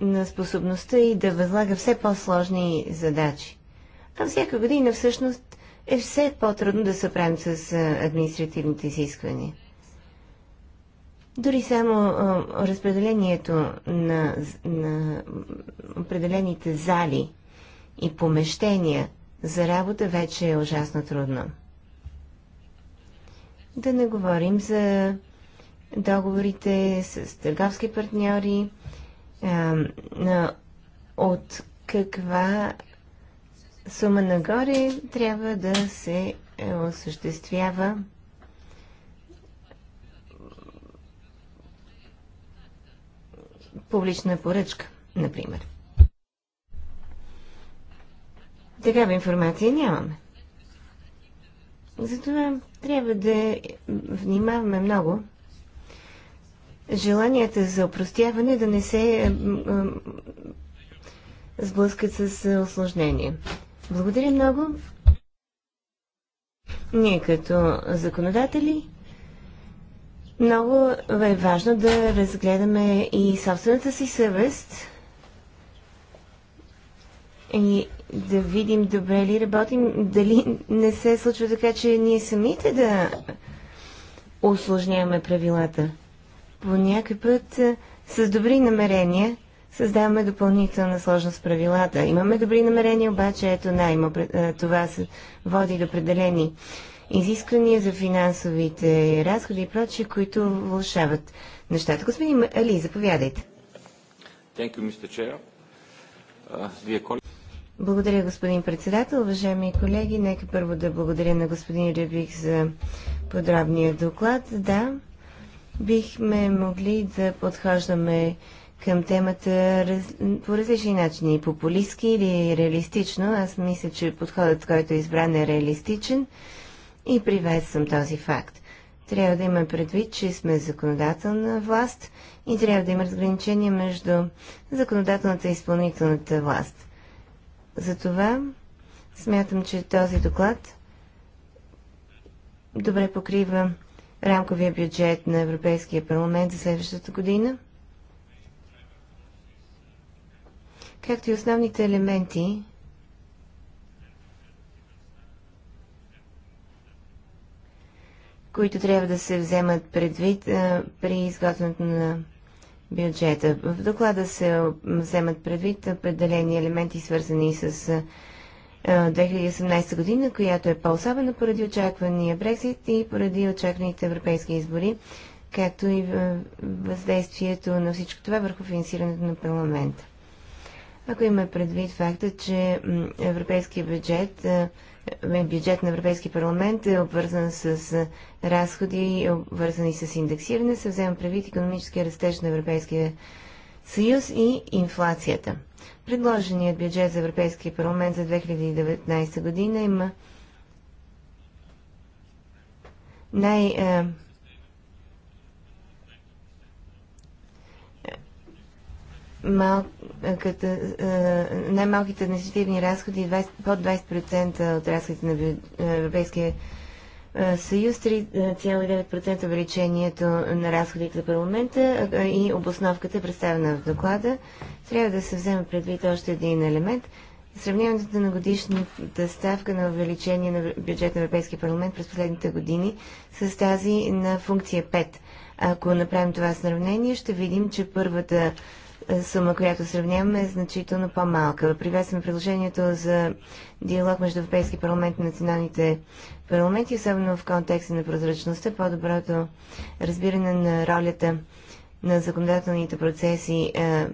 на способността и да възлага все по-сложни задачи. А всяка година всъщност е все по-трудно да се правим с административните изисквания. Дори само разпределението на, на определените зали и помещения за работа вече е ужасно трудно. Да не говорим за договорите с търговски партньори, а, от каква сума нагоре трябва да се е, осъществява публична поръчка, например. Такава информация нямаме. Затова трябва да внимаваме много желанията за опростяване да не се сблъскат с осложнения. Благодаря много. Ние като законодатели много е важно да разгледаме и собствената си съвест и да видим добре ли работим, дали не се случва така, че ние самите да осложняваме правилата. По някакъв път е, с добри намерения създаваме допълнителна сложност в правилата. Имаме добри намерения, обаче ето най-има е, това се води до определени изисквания за финансовите разходи и прочие, които влушават нещата. Господин Али, заповядайте. You, uh, благодаря, господин председател. Уважаеми колеги, нека първо да благодаря на господин Рюбих за подробния доклад. Да, бихме могли да подхождаме към темата раз... по различни начини, популистски или реалистично. Аз мисля, че подходът, който е избран е реалистичен и приветствам този факт. Трябва да има предвид, че сме законодателна власт и трябва да има разграничение между законодателната и изпълнителната власт. Затова смятам, че този доклад добре покрива рамковия бюджет на Европейския парламент за следващата година, както и основните елементи които трябва да се вземат предвид а, при изготвянето на бюджета. В доклада се вземат предвид определени елементи, свързани с а, 2018 година, която е по-особена поради очаквания Брексит и поради очакваните европейски избори, както и въздействието на всичко това върху финансирането на парламента. Ако има предвид факта, че европейския бюджет а, бюджет на Европейски парламент е обвързан с разходи, обвързани с индексиране, се взема предвид економическия растеж на Европейския съюз и инфлацията. Предложеният бюджет за Европейския парламент за 2019 година има най- Мал, като е, най-малките административни разходи 20, под 20% от разходите на Европейския е, съюз, 3,9% е, увеличението на разходите за парламента и обосновката, представена в доклада. Трябва да се вземе предвид още един елемент. Сравняването на годишната ставка на увеличение на бюджет на Европейския парламент през последните години с тази на функция 5. Ако направим това сравнение, ще видим, че първата сума, която сравняваме, е значително по-малка. Приветстваме предложението за диалог между Европейски парламент и националните парламенти, особено в контекста на прозрачността, по-доброто разбиране на ролята на законодателните процеси а, е,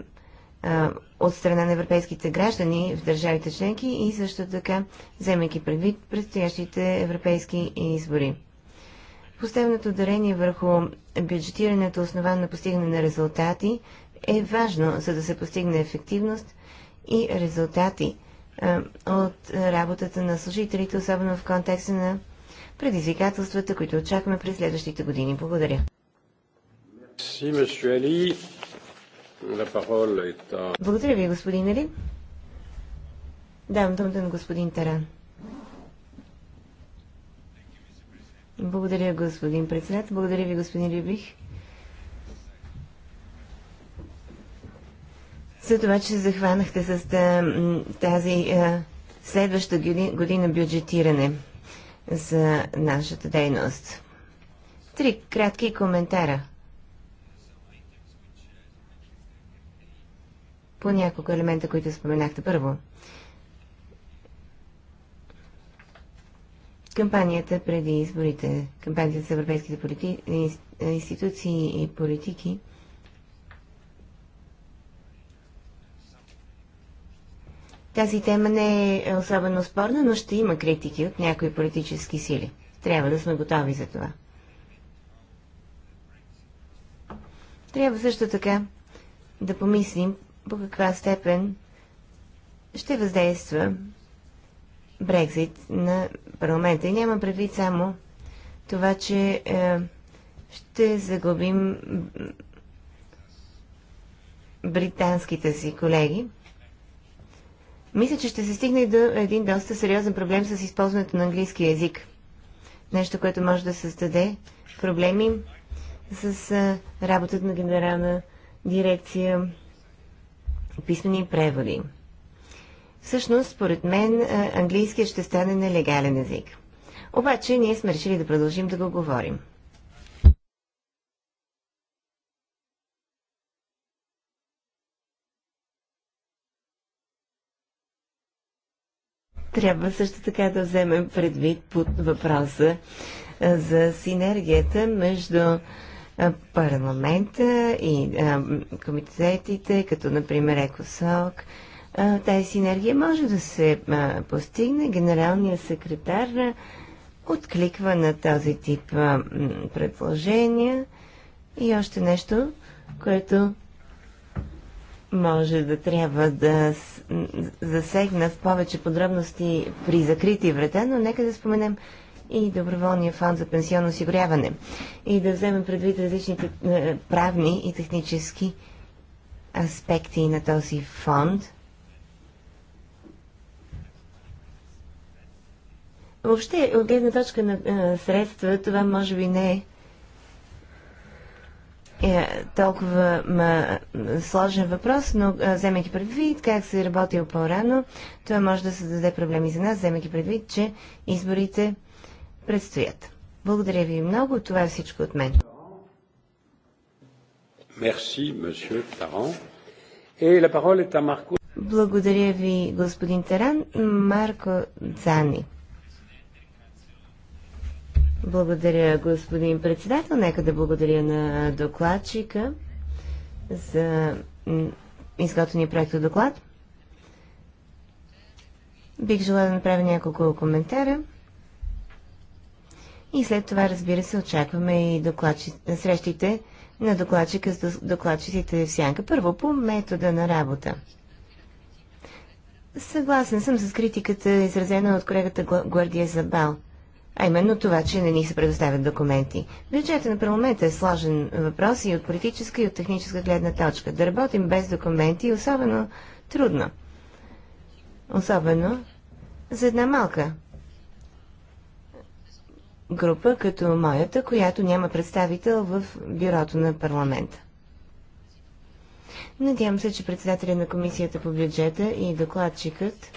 а, е, от страна на европейските граждани в държавите членки и също така, вземайки предвид предстоящите европейски избори. Поставеното дарение върху бюджетирането, основано на постигане на резултати, е важно, за да се постигне ефективност и резултати от работата на служителите, особено в контекста на предизвикателствата, които очакваме през следващите години. Благодаря. Благодаря ви, господин Али. Давам думата на господин Таран. Благодаря, господин председател. Благодаря ви, господин Любих. за това, че захванахте с тази следваща година бюджетиране за нашата дейност. Три кратки коментара. По няколко елемента, които споменахте. Първо, кампанията преди изборите, кампанията за европейските институции и политики – Тази тема не е особено спорна, но ще има критики от някои политически сили. Трябва да сме готови за това. Трябва също така да помислим по каква степен ще въздейства Брекзит на парламента. И няма предвид само това, че е, ще загубим британските си колеги. Мисля, че ще се стигне до един доста сериозен проблем с използването на английски язик. Нещо, което може да създаде проблеми с работата на генерална дирекция писмени преводи. Всъщност, според мен, английският ще стане нелегален език. Обаче, ние сме решили да продължим да го говорим – Трябва също така да вземем предвид под въпроса за синергията между парламента и комитетите, като например ЕКОСОК. Тази синергия може да се постигне. Генералният секретар откликва на този тип предложения и още нещо, което може да трябва да засегна в повече подробности при закрити врата, но нека да споменем и доброволния фонд за пенсионно осигуряване и да вземем предвид различните е, правни и технически аспекти на този фонд. Въобще, от гледна точка на е, средства, това може би не е е толкова ма, сложен въпрос, но вземайки предвид как се е работил по-рано, това може да създаде проблеми за нас, вземайки предвид, че изборите предстоят. Благодаря ви много. Това е всичко от мен. Merci, Et la parole est à Marco. Благодаря ви, господин Таран. Марко Цани. Благодаря, господин председател. Нека да благодаря на докладчика за изготвения проект доклад. Бих желала да направя няколко коментара. И след това, разбира се, очакваме и докладчи... срещите на докладчика с докладчиците в сянка. Първо, по метода на работа. Съгласен съм с критиката, изразена от колегата Гвардия Забал – а именно това, че не ни се предоставят документи. Бюджета на парламента е сложен въпрос и от политическа и от техническа гледна точка. Да работим без документи е особено трудно. Особено за една малка група, като моята, която няма представител в бюрото на парламента. Надявам се, че председателя на комисията по бюджета и докладчикът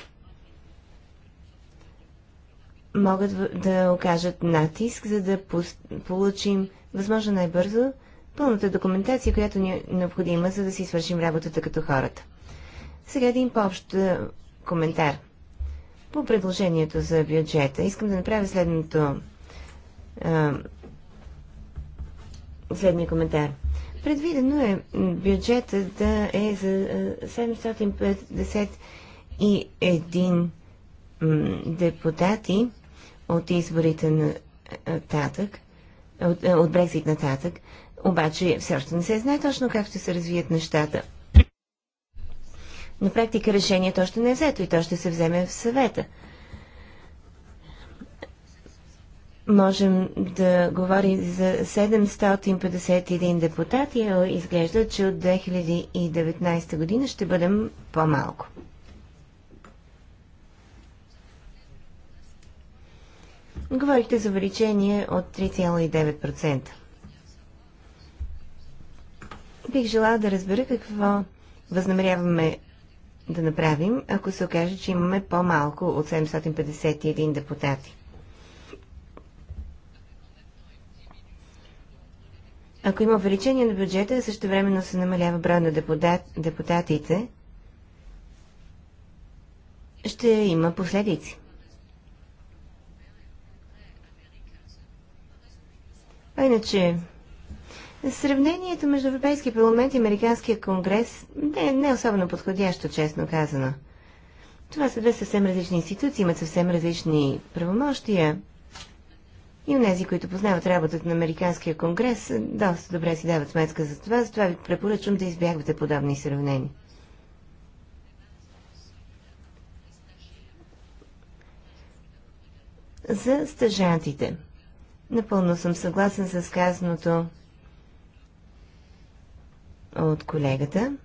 могат да окажат натиск, за да получим възможно най-бързо пълната документация, която ни е необходима, за да си свършим работата като хората. Сега един по-общ е, коментар. По предложението за бюджета искам да направя следното а, е, следния коментар. Предвидено е бюджета да е за 751 е, депутати, от изборите на татък, от, от на нататък, обаче все още не се знае точно как ще се развият нещата. На практика решението още не е взето и то ще се вземе в съвета. Можем да говорим за 751 депутати, а изглежда, че от 2019 година ще бъдем по-малко. Говорихте за увеличение от 3,9%. Бих желала да разбера какво възнамеряваме да направим, ако се окаже, че имаме по-малко от 751 депутати. Ако има увеличение на бюджета, също времено се намалява броя на депутат, депутатите, ще има последици. А иначе, сравнението между Европейския парламент и Американския конгрес не е не особено подходящо, честно казано. Това са две съвсем различни институции, имат съвсем различни правомощия. И нези, които познават работата на Американския конгрес, доста добре си дават сметка за това, затова ви препоръчвам да избягвате подобни сравнения. За стъжантите. Напълно съм съгласен с казаното от колегата,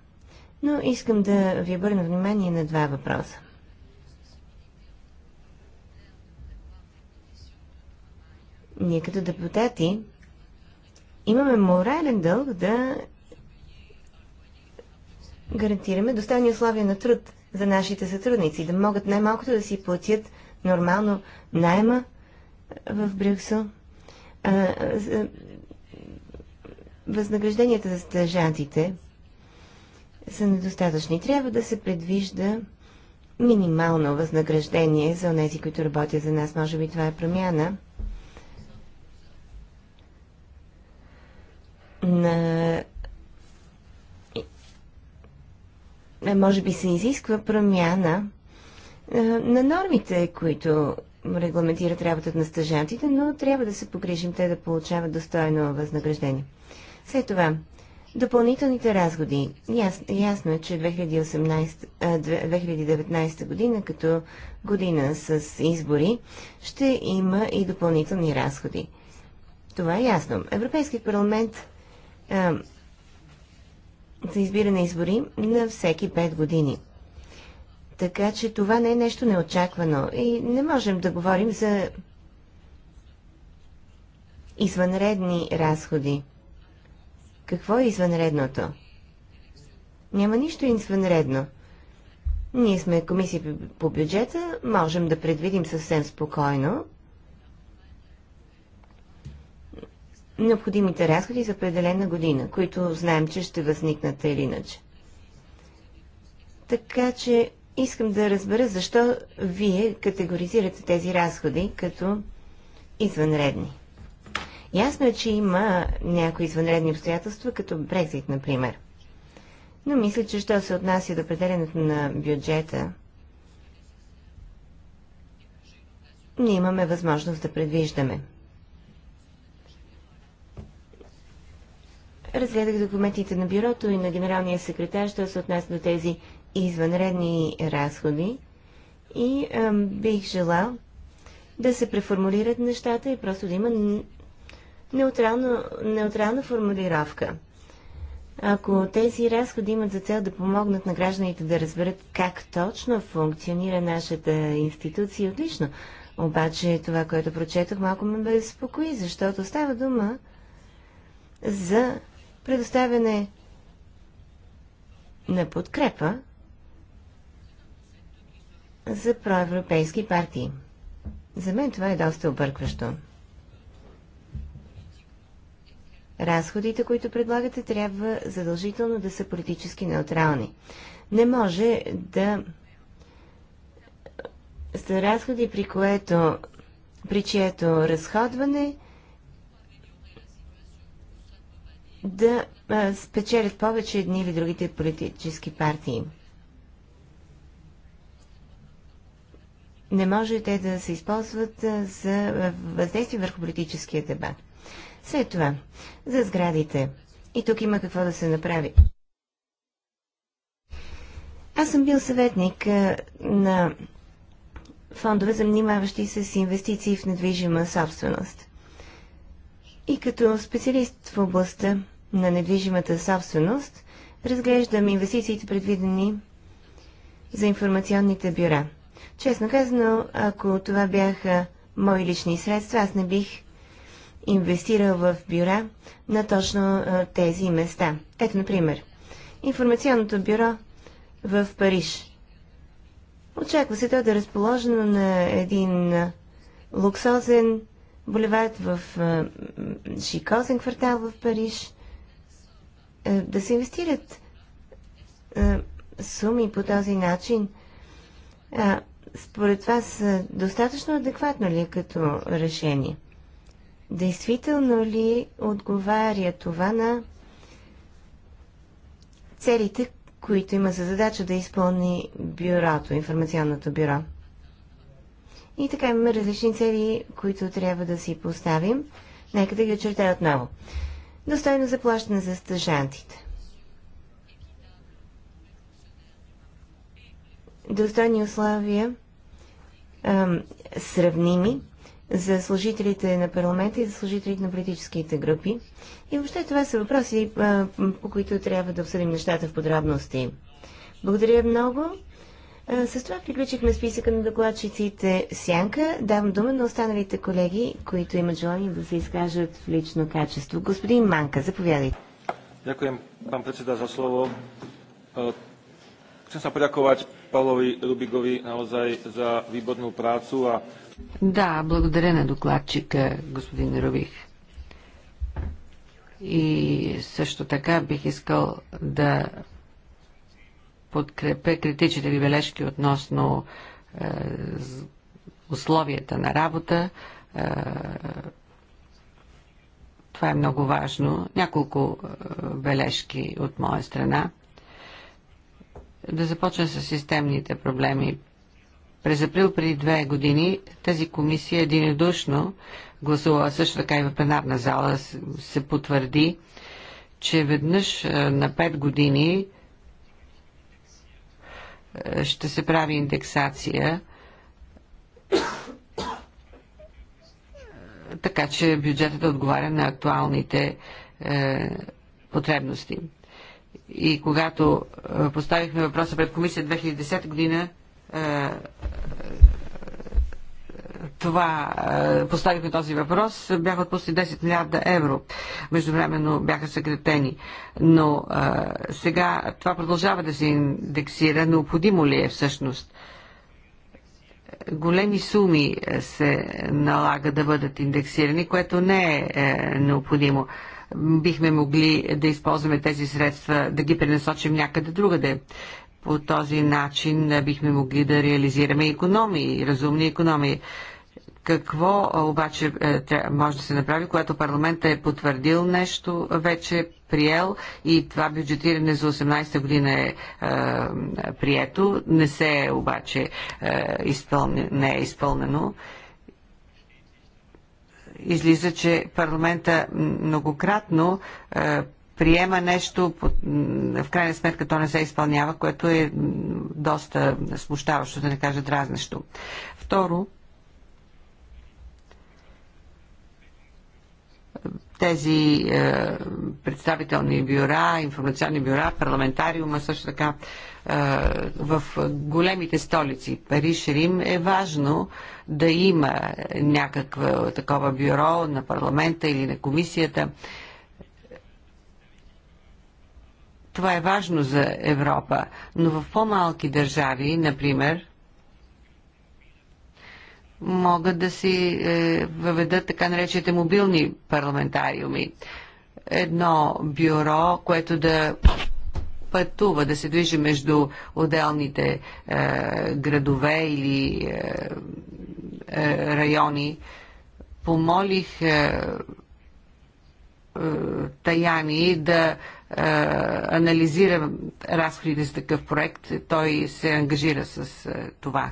но искам да ви обърна внимание на два въпроса. Ние като депутати имаме морален дълг да гарантираме достойни условия на труд за нашите сътрудници, да могат най-малкото да си платят нормално найма в Брюксел – а, за възнагражденията за стъжантите са недостатъчни. Трябва да се предвижда минимално възнаграждение за тези, които работят за нас. Може би това е промяна на може би се изисква промяна на нормите, които регламентират работата на стъжантите, но трябва да се погрижим те да получават достойно възнаграждение. След това, допълнителните разходи. Яс, ясно е, че 2018, 2019 година като година с избори ще има и допълнителни разходи. Това е ясно. Европейският парламент а, за избиране избори на всеки 5 години – така че това не е нещо неочаквано и не можем да говорим за извънредни разходи. Какво е извънредното? Няма нищо извънредно. Ние сме комисия по бюджета, можем да предвидим съвсем спокойно необходимите разходи за определена година, които знаем, че ще възникнат или иначе. Така че Искам да разбера защо вие категоризирате тези разходи като извънредни. Ясно е, че има някои извънредни обстоятелства, като Брекзит, например. Но мисля, че що се отнася до определенето на бюджета, Не имаме възможност да предвиждаме. Разгледах документите на бюрото и на генералния секретар, що се отнася до тези извънредни разходи и а, бих желал да се преформулират нещата и просто да има неутрална, неутрална формулировка. Ако тези разходи имат за цел да помогнат на гражданите да разберат как точно функционира нашата институция, отлично. Обаче това, което прочетох, малко ме безпокои, защото става дума за предоставяне на подкрепа за проевропейски партии. За мен това е доста объркващо. Разходите, които предлагате, трябва задължително да са политически неутрални. Не може да са разходи, при, което, при чието разходване да а, спечелят повече едни или другите политически партии. не може те да се използват за въздействие върху политическия дебат. След това, за сградите. И тук има какво да се направи. Аз съм бил съветник на фондове, занимаващи се с инвестиции в недвижима собственост. И като специалист в областта на недвижимата собственост, разглеждам инвестициите предвидени за информационните бюра – Честно казано, ако това бяха мои лични средства, аз не бих инвестирал в бюра на точно тези места. Ето, например, информационното бюро в Париж. Очаква се то да е разположено на един луксозен булевард в шикозен квартал в Париж. Е, да се инвестират суми по този начин – според вас достатъчно адекватно ли е като решение? Действително ли отговаря това на целите, които има за задача да изпълни бюрото, информационното бюро? И така имаме различни цели, които трябва да си поставим. Нека да ги очертая отново. Достойно заплащане за стъжантите. достойни условия, сравними за служителите на парламента и за служителите на политическите групи. И въобще това са въпроси, по които трябва да обсъдим нещата в подробности. Благодаря много. с това приключихме списъка на докладчиците Сянка. Давам дума на останалите колеги, които имат желание да се изкажат в лично качество. Господин Манка, заповядайте. Дякуем, пан председател, за слово. Chcem sa poďakovať Pavlovi Rubigovi naozaj за výbornú prácu a... Да, благодаря на докладчика, господин Рубих. И също така бих искал да подкрепя критичните ви бележки относно е, условията на работа. Е, това е много важно. Няколко е, бележки от моя страна да започна с системните проблеми. През април преди две години тази комисия единодушно гласувала също така и в пленарна зала се потвърди, че веднъж на пет години ще се прави индексация, така че бюджетът отговаря на актуалните е, потребности. И когато поставихме въпроса пред комисия 2010 година, това поставихме този въпрос, бяха отпусти 10 милиарда евро. Междувременно бяха съкретени. Но а, сега това продължава да се индексира. Необходимо ли е всъщност? Големи суми се налага да бъдат индексирани, което не е, е необходимо бихме могли да използваме тези средства, да ги пренасочим някъде другаде. По този начин бихме могли да реализираме економии, разумни економии. Какво обаче е, може да се направи, когато парламента е потвърдил нещо вече, приел и това бюджетиране за 18-та година е, е прието, не се е обаче е, изпълнено, не е изпълнено излиза, че парламента многократно е, приема нещо, в крайна сметка то не се изпълнява, което е доста смущаващо, да не кажа дразнещо. Второ, Тези е, представителни бюра, информационни бюра, парламентариума също така е, в големите столици Париж, Рим е важно да има някакво такова бюро на парламента или на комисията. Това е важно за Европа, но в по-малки държави, например, могат да си е, въведат така наречените мобилни парламентариуми. Едно бюро, което да пътува, да се движи между отделните е, градове или е, е райони. Помолих е, е, Таяни да е, анализира разходите за такъв проект. Той се ангажира с е, това.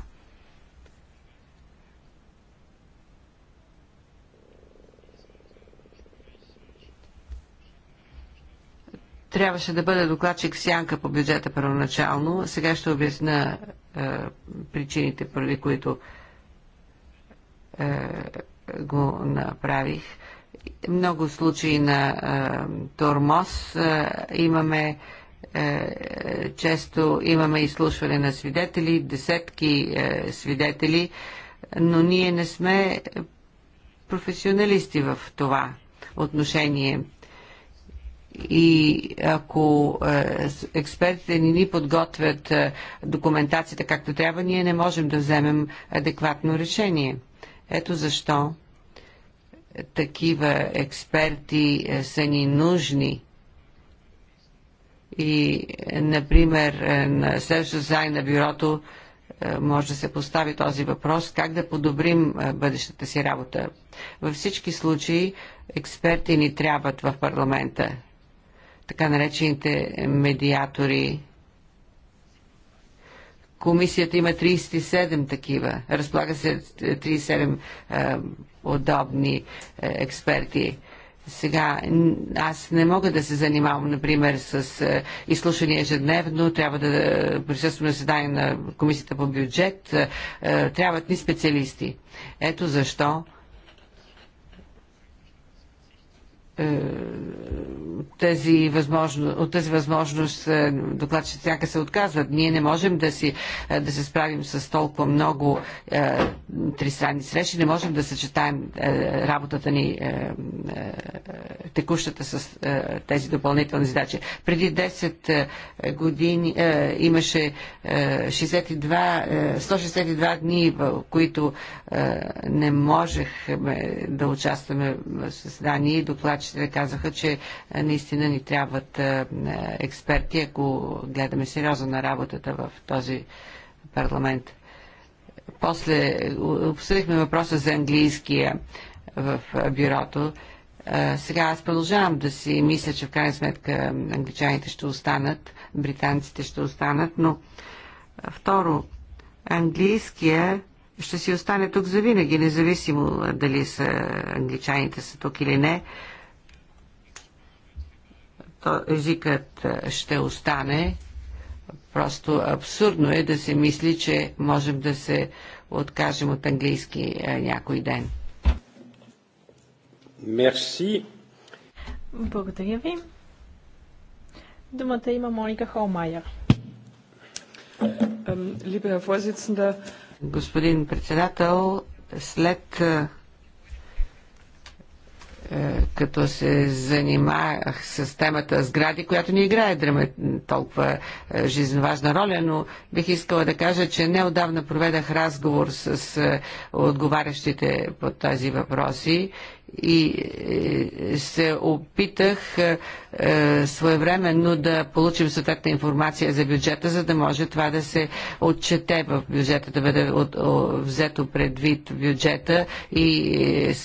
Трябваше да бъде докладчик сянка по бюджета първоначално. Сега ще обясна е, причините, поради които е, го направих. Много случаи на е, тормоз е, имаме е, често имаме изслушване на свидетели, десетки е, свидетели, но ние не сме професионалисти в това отношение и ако е, експертите ни ни подготвят е, документацията както трябва, ние не можем да вземем адекватно решение. Ето защо е, такива експерти са ни нужни. И, например, на следващото заедно на бюрото може да се постави този въпрос, как да подобрим бъдещата си работа. Във всички случаи експерти ни трябват в парламента така наречените медиатори. Комисията има 37 такива, разполага се 37 е, удобни е, експерти. Сега, аз не мога да се занимавам, например, с е, изслушания ежедневно, трябва да присъствам на заседание на Комисията по бюджет, трябват ни специалисти. Ето защо Е, тези възможно, от тази възможност е, докладчите всяка се отказват. Ние не можем да, си, е, да се справим с толкова много е, тристранни срещи, не можем да съчетаем е, работата ни е, е, текущата с е, тези допълнителни задачи. Преди 10 години е, имаше е, 62, е, 162 дни, в които е, не можехме да участваме в съседание и докладчите Докладчите казаха, че наистина ни трябват експерти, ако гледаме сериозно на работата в този парламент. После обсъдихме въпроса за английския в бюрото. Сега аз продължавам да си мисля, че в крайна сметка англичаните ще останат, британците ще останат, но второ, английския ще си остане тук завинаги, независимо дали са англичаните са тук или не то езикът ще остане. Просто абсурдно е да се мисли, че можем да се откажем от английски някой ден. Мерси. Благодаря ви. Думата има Моника Холмайер. Господин председател, след е, като се занимах с темата сгради, която не играе драма, толкова е, жизненоважна роля, но бих искала да кажа, че неодавна проведах разговор с е, отговарящите по тези въпроси и е, се опитах е, е, своевременно да получим съответна информация за бюджета, за да може това да се отчете в бюджета, да бъде от, о, взето предвид в бюджета и,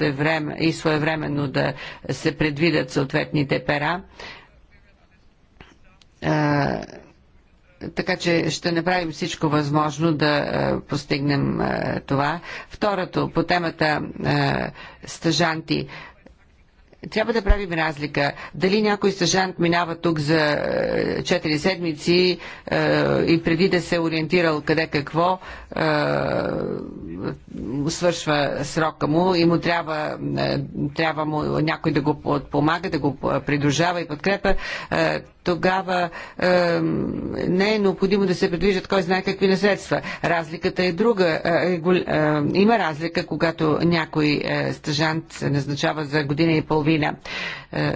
време, и своевременно да се предвидят съответните пера така че ще направим всичко възможно да е, постигнем е, това. Второто, по темата е, стъжанти. Трябва да правим разлика. Дали някой стажант минава тук за 4 седмици и преди да се ориентирал къде какво, свършва срока му и му трябва, трябва му някой да го помага, да го придружава и подкрепа тогава е, не е необходимо да се предвиждат кой знае какви наследства. Разликата е друга. Е, е, е, има разлика, когато някой е, стъжант се назначава за година и половина. Е,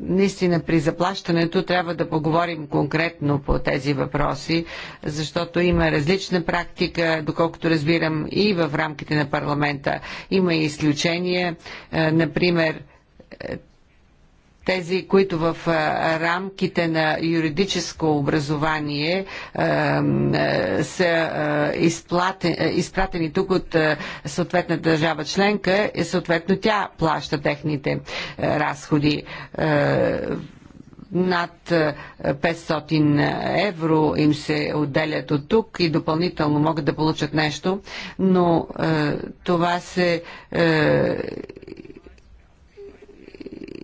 наистина при заплащането трябва да поговорим конкретно по тези въпроси, защото има различна практика, доколкото разбирам и в рамките на парламента. Има и изключения, е, например тези, които в рамките на юридическо образование са изпратени тук от съответната държава членка и е, съответно тя плаща техните разходи над 500 евро им се отделят от тук и допълнително могат да получат нещо, но е, това се е,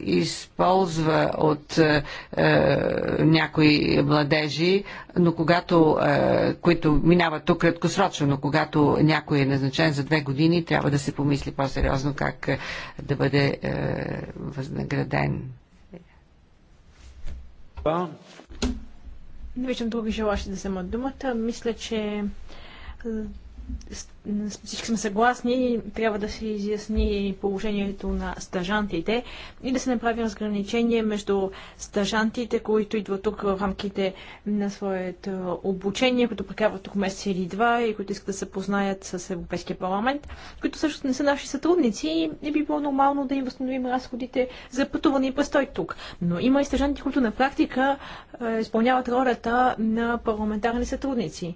използва от е, е, някои младежи, но когато, е, които минават тук краткосрочно, но когато някой е назначен за две години, трябва да се помисли по-сериозно как е, да бъде е, възнаграден. Не виждам други желащи да вземат думата. Мисля, че всички сме съгласни, трябва да се изясни положението на стажантите и да се направи разграничение между стажантите, които идват тук в рамките на своето обучение, които прекарват тук месец или два и които искат да се познаят с Европейския парламент, които също не са наши сътрудници и не би било нормално да им възстановим разходите за пътуване и престой тук. Но има и стажанти, които на практика е, изпълняват ролята на парламентарни сътрудници.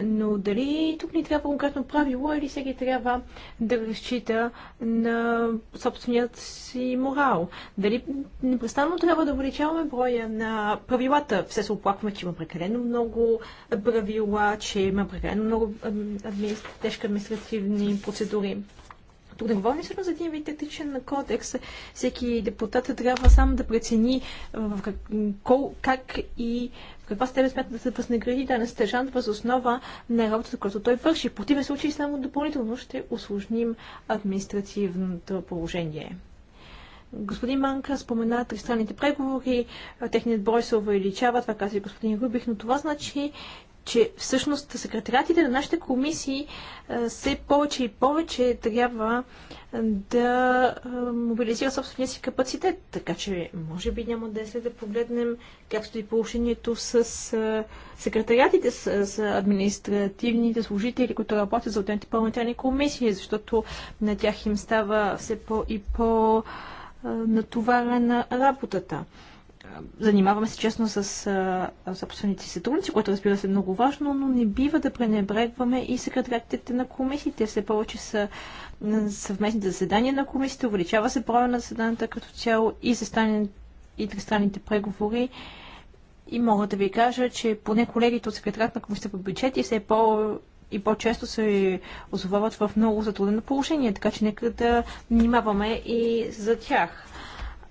Но дали тук ни трябва конкретно правило или всеки трябва да разчита на собственият си морал? Дали непрестанно трябва да увеличаваме броя на правилата? Все се оплакваме, че има прекалено много правила, че има прекалено много тежки административни процедури. Тук не говорим всъщност за един вид етичен кодекс. Всеки депутат трябва само да прецени в как, кол, как и в каква степен смята да се възнагради не стежант въз основа на работата, която той върши. В противен случай само допълнително ще осложним административното положение. Господин Манка спомена тристранните преговори, техният брой се увеличава, това каза и господин Рубих, но това значи, че всъщност секретариатите на нашите комисии е, все повече и повече трябва е, да е, мобилизира собствения си капацитет. Така че, може би няма да е след да погледнем как стои положението с секретариатите, с, с административните служители, които работят за отделните парламентарни комисии, защото на тях им става все по- и по- натоварена работата занимаваме се честно с а, собствените си сътрудници, което разбира се е много важно, но не бива да пренебрегваме и секретарите на комисиите. Все повече са съвместните заседания на комисиите, увеличава се броя на заседанията като цяло и, застане, и тристранните преговори. И мога да ви кажа, че поне колегите от секретарят на комисията по бюджет и все по- и по-често се озовават в много затруднено положение, така че нека да внимаваме и за тях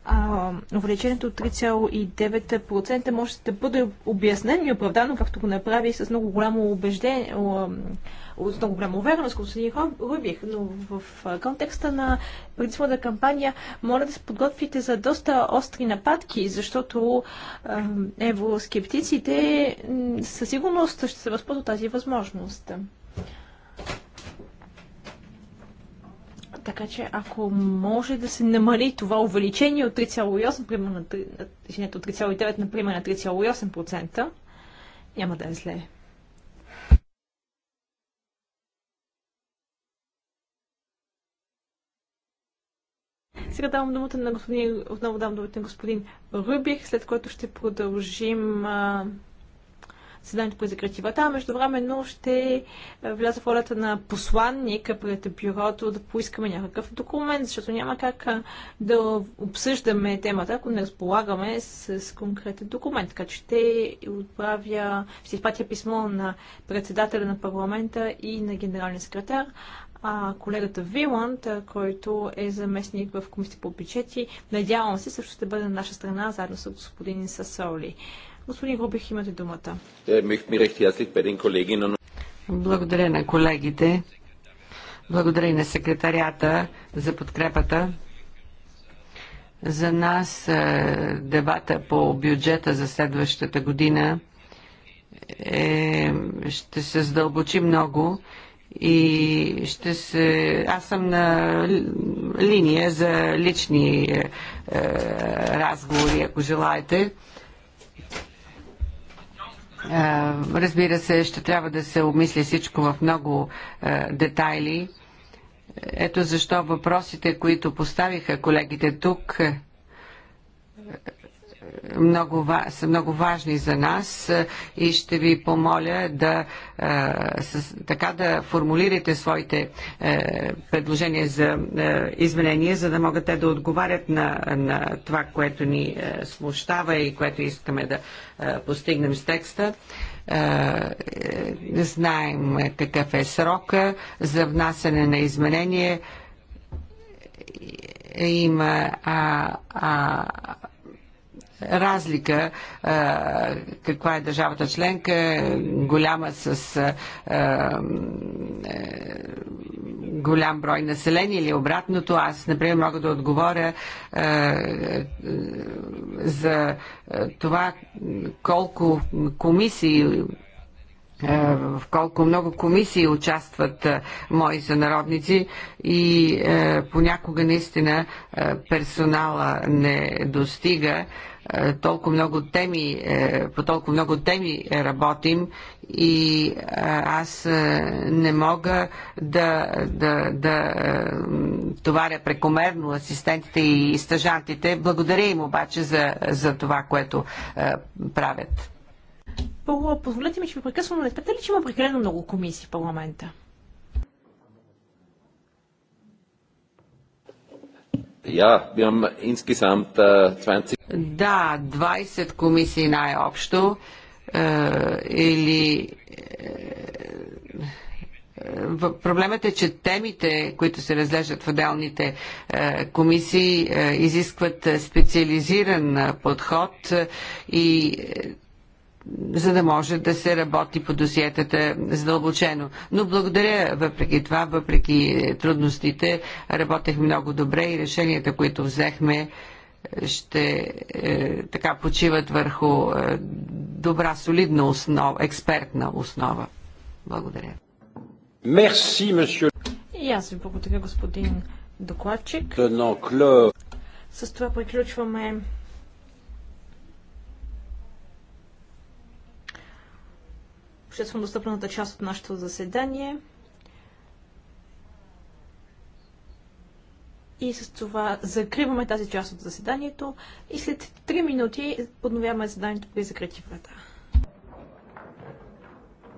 а, увеличението от 3,9% може да бъде обяснено и оправдано, както го направи с много голямо убеждение, с много голяма увереност, господин Рубих, но в контекста на предизборната кампания моля да се подготвите за доста остри нападки, защото евроскептиците със сигурност ще се възползват тази възможност. Така че ако може да се намали това увеличение от 3,8, примерно 3,9, например на 3,8%, няма да е зле. Сега давам думата на господин, отново давам думата на господин Рубих, след което ще продължим съданието при закрити врата, а междувременно ще е, вляза в ролята на посланника пред бюрото да поискаме някакъв документ, защото няма как е, да обсъждаме темата, ако не разполагаме с, с конкретен документ. Така че ще отправя, ще изпратя писмо на председателя на парламента и на генералния секретар, а, колегата Виланд, е, който е заместник в комисията по бюджети. Надявам се, също ще бъде на наша страна, заедно с господин Сасоли. Господин Рубих, имате думата. Е, Благодаря на колегите. Благодаря и на секретарията за подкрепата. За нас е, дебата по бюджета за следващата година е, ще се задълбочи много и ще се... Аз съм на линия за лични е, е разговори, ако желаете. Разбира се, ще трябва да се обмисли всичко в много детайли. Ето защо въпросите, които поставиха колегите тук, много, са много важни за нас е, и ще ви помоля да е, така да формулирате своите е, предложения за изменения, за да могат те да отговарят на, на това, което ни смущава и което искаме да постигнем с текста знаем какъв е срока за внасяне на изменения. Има а, а, разлика каква е държавата членка, голяма с голям брой население или обратното. Аз, например, мога да отговоря за това колко комисии в колко много комисии участват мои сънародници и понякога наистина персонала не достига е, толкова много теми, е, по толкова много теми работим и е, аз не мога да, да, да товаря прекомерно асистентите и стажантите. Благодаря им обаче за, за това, което правят. Позволете ми, че ви прекъсвам, но не смятате ли, че има прекалено много комисии в парламента? Ja, wir haben insgesamt äh, 20. Da, 20 комисии най-общо е, е Проблемът е, че темите, които се разлежат в отделните е, комисии, е, изискват специализиран подход и за да може да се работи по досиетата задълбочено. Но благодаря въпреки това, въпреки трудностите, работех много добре и решенията, които взехме, ще е, така почиват върху е, добра, солидна основа, експертна основа. Благодаря. Мерси, месье. И аз ви благодаря, господин докладчик. С това приключваме обществено достъпната част от нашето заседание. И с това закриваме тази част от заседанието и след 3 минути подновяваме заседанието при закрити врата.